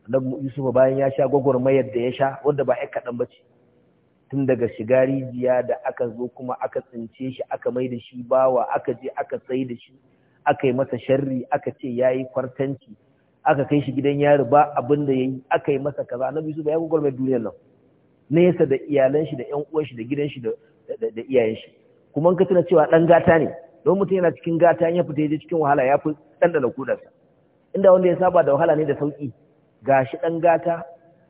annabi yusuf bayan ya sha gwagwarmayar da ya sha wanda ba aika ba bace tun daga shiga rijiya da aka zo kuma aka tsince shi aka mai da shi bawa aka je aka tsaye da shi aka yi masa sharri aka ce ya yi kwartanci aka kai shi gidan yari ba abin da ya yi aka yi masa kaza na su ba ya gwagwarmar duniyar nan nesa da iyalan shi da ƴan uwan shi da gidan shi da iyayen shi kuma ka tuna cewa dan gata ne don mutum yana cikin gata ya fita je cikin wahala ya fi ɗanɗana kudarsa inda wanda ya saba da wahala ne da sauki gashi dan gata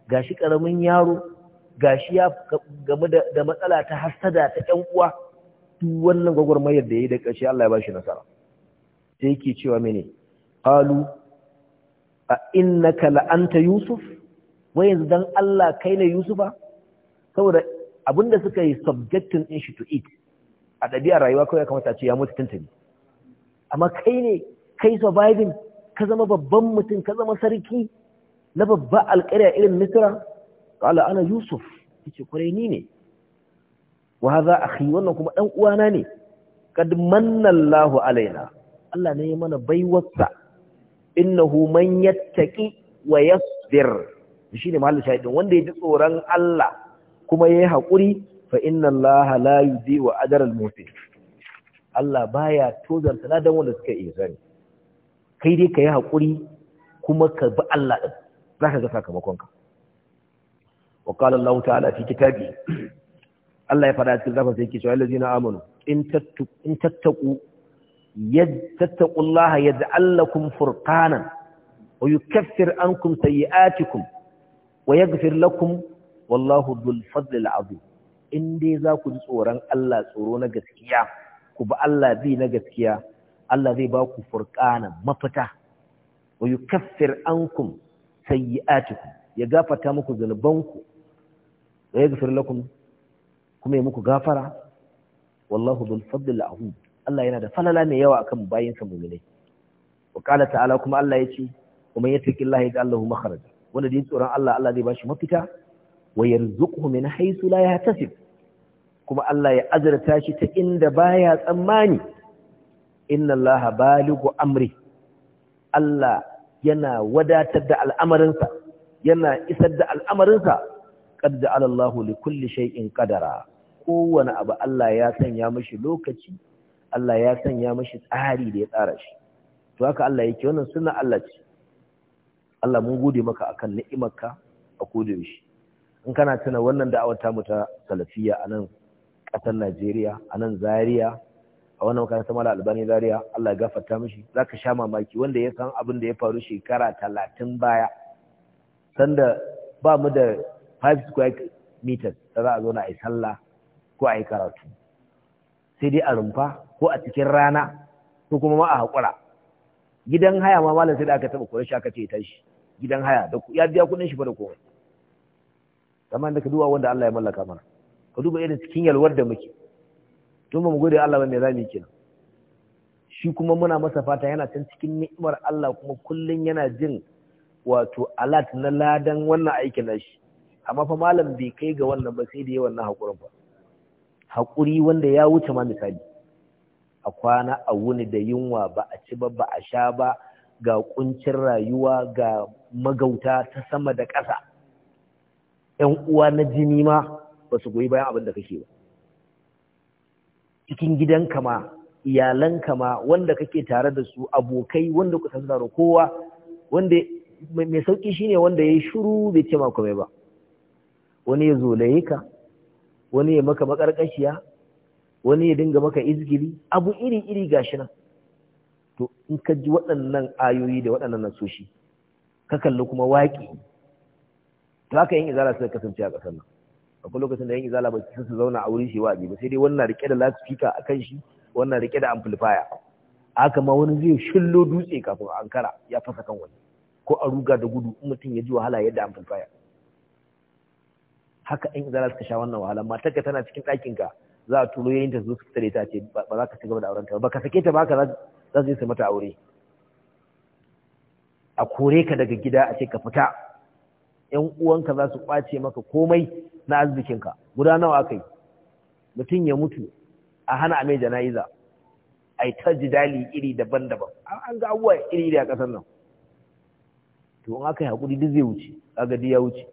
gashi ƙaramin yaro gashi ya game da matsala ta hassada ta ƴan uwa duk wannan gwagwarmayar da ya yi da ƙarshe Allah ya ba shi nasara sai yake cewa mene qalu a innaka la yusuf wai yanzu dan Allah kai na yusufa saboda abinda suka yi subjectin in shi to it a ɗabi'ar rayuwa kawai kamata ce ya mutu tuntuni amma kai ne kai surviving ka zama babban mutum ka zama sarki na babba alƙarya irin misra qala ana yusuf ce kurai ni ne wa hadha akhi wannan kuma dan uwana ne kad manna Allahu alaina Allah ne ya mana baiwarsa innahu man yattaqi wa yasbir shine mahallin shahidin wanda ya ji tsoron Allah kuma yayi hakuri fa inna Allah la yudhi'u ajra al-muhsin Allah baya tozan tozarta ladan wanda suka yi zani kai dai kai hakuri kuma ka bi Allah din zaka ga sakamakon ka wa qala Allah ta'ala fi kitabi Allah ya fada cikin zafin sai yake cewa allazina amanu in tattaqu in tattaku. تتقوا الله يجعل لكم فرقانا ويكفر عنكم سيئاتكم ويغفر لكم والله ذو الفضل العظيم ان دي زاكو تصورن الله تصورونا غسكيا كوب الله بي نا غسكيا الله زي باكو فرقانا مفتا ويكفر عنكم سيئاتكم يا يغفرت لكم ذنوبكم ويغفر لكم كما يمكو غفرا والله ذو الفضل العظيم Allah yana da falala mai yawa akan bayinsa mu'minai wa qala ta'ala kuma Allah yace wa man yattaqillaha allah lahu makhraja wanda din tsoron Allah Allah zai bashi mafita wa yarzuquhu min haythu la yahtasib kuma Allah ya azurta shi ta inda baya tsammani inna Allah baligu amri Allah yana wadatar da al'amarinsa yana isar da al'amarinsa qad ja'ala Allah li kulli shay'in qadara kowane abu Allah ya sanya mashi lokaci Allah ya sanya mashi tsari da ya tsara shi to haka Allah yake wannan sunna Allah ce Allah mun gode maka akan ni'imarka a koda shi. in kana tuna wannan da'awar ta mu ta a nan ƙasar Najeriya a nan Zaria a wannan ta Malam Albani Zaria Allah ya gafarta mishi zaka sha mamaki wanda ya san abin da ya faru shekara 30 baya sanda ba mu da 5 square meters da za a zo na ai sallah ko ai karatu sai dai a rumfa ko a cikin rana ko kuma ma a haƙura gidan haya ma malam sai da aka taɓa kore shi aka ce tashi gidan haya da ya biya kuɗin shi fa da komai amma da ka duba wanda Allah ya mallaka mana ka duba irin cikin yalwar da muke tun ba mu gode Allah ba me za mu yi kenan shi kuma muna masa fata yana can cikin ni'imar Allah kuma kullun yana jin wato alat na ladan wannan aikin nashi amma fa malam bai kai ga wannan ba sai da yawan na haƙurin ba. haƙuri wanda ya wuce ma misali a kwana a wuni da yunwa ba a ci ba ba a sha ba ga kuncin rayuwa ga magauta ta sama da ƙasa ‘yan uwa na jini ma ba su goyi bayan abin da kake ba cikin gidanka ma iyalanka ma wanda kake tare da su abokai wanda ku san zaro kowa wanda mai sauƙi shine wanda ya yi shuru bai ce ma ba wani ya zolaye ka wani ya maka makarƙashiya, wani ya dinga maka izgiri abu iri-iri gashi nan to in ka ji waɗannan ayoyi da waɗannan nasoshi ka kalli kuma waƙi to haka yin izala suka kasance a ƙasar nan akwai lokacin da yin izala ba su su zauna a wurin shi wa'azi ba sai dai wannan rike da lasfika a kan shi wannan rike da amplifier haka ma wani zai shillo dutse kafin ankara ya fasa kan wani ko a ruga da gudu in mutum ya ji wahala yadda amplifier haka in za ka sha wannan wahala matar ka tana cikin ɗakin ka za a turo yayin ta zo su fita ta ce ba za ka ci gaba da auren ta ba ka sake ta ba ka za su yi su mata aure a kore ka daga gida a ce ka fita ƴan uwanka za su ƙwace maka komai na arzikinka guda nawa aka yi mutum ya mutu a hana a mai jana'iza a yi ta jidali iri daban-daban an ga abubuwa iri iri a ƙasar nan to in aka yi haƙuri duk zai wuce agadi ya wuce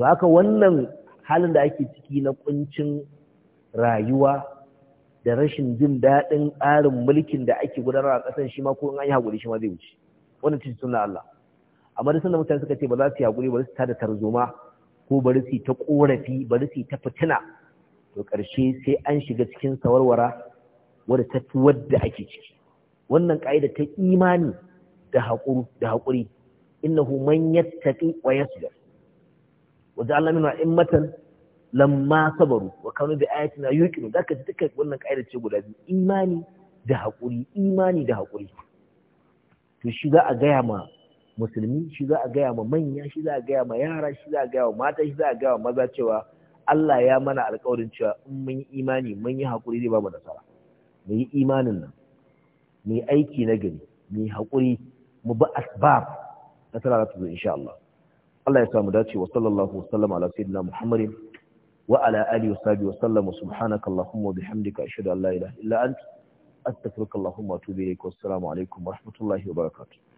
to haka wannan halin da ake ciki na kuncin rayuwa da rashin jin daɗin ƙarin mulkin da ake gudanarwa a ƙasar shi ma ko in an yi haƙuri shi ma zai wuce wannan cikin suna Allah amma da sanda mutane suka ce ba za su yi haƙuri ba su tada tarzoma ko ba su yi ta ƙorafi ba su yi ta fitina to ƙarshe sai an shiga cikin sawarwara wadda ta fi wadda ake ciki wannan ƙa'ida ta imani da haƙuri da haƙuri innahu man yattaqi wa yasbir waja'alna minhum a'immatan lamma sabaru wa kanu bi ayatina yuqinu zaka ji duka wannan kaida ce guda biyu imani da hakuri imani da hakuri to shi za a gaya ma musulmi shi za a gaya ma manya shi za a gaya ma yara shi za a gaya ma mata shi za a gaya ma maza cewa Allah ya mana alƙawarin cewa in mun yi imani mun yi hakuri zai ba nasara mu yi imanin nan mu yi aiki na gari mu yi hakuri mu bi asbab nasara za ta zo Allah ya samu dace wa sallallahu wasallam ala sayyidina Muhammadin wa ala alihi washabihi wasallam subhanaka allahumma wa bihamdika ashhadu an la ilaha illa anta astaghfiruka allahumma wa atubu ilaik wassalamu alaikum wa rahmatullahi wa barakatuh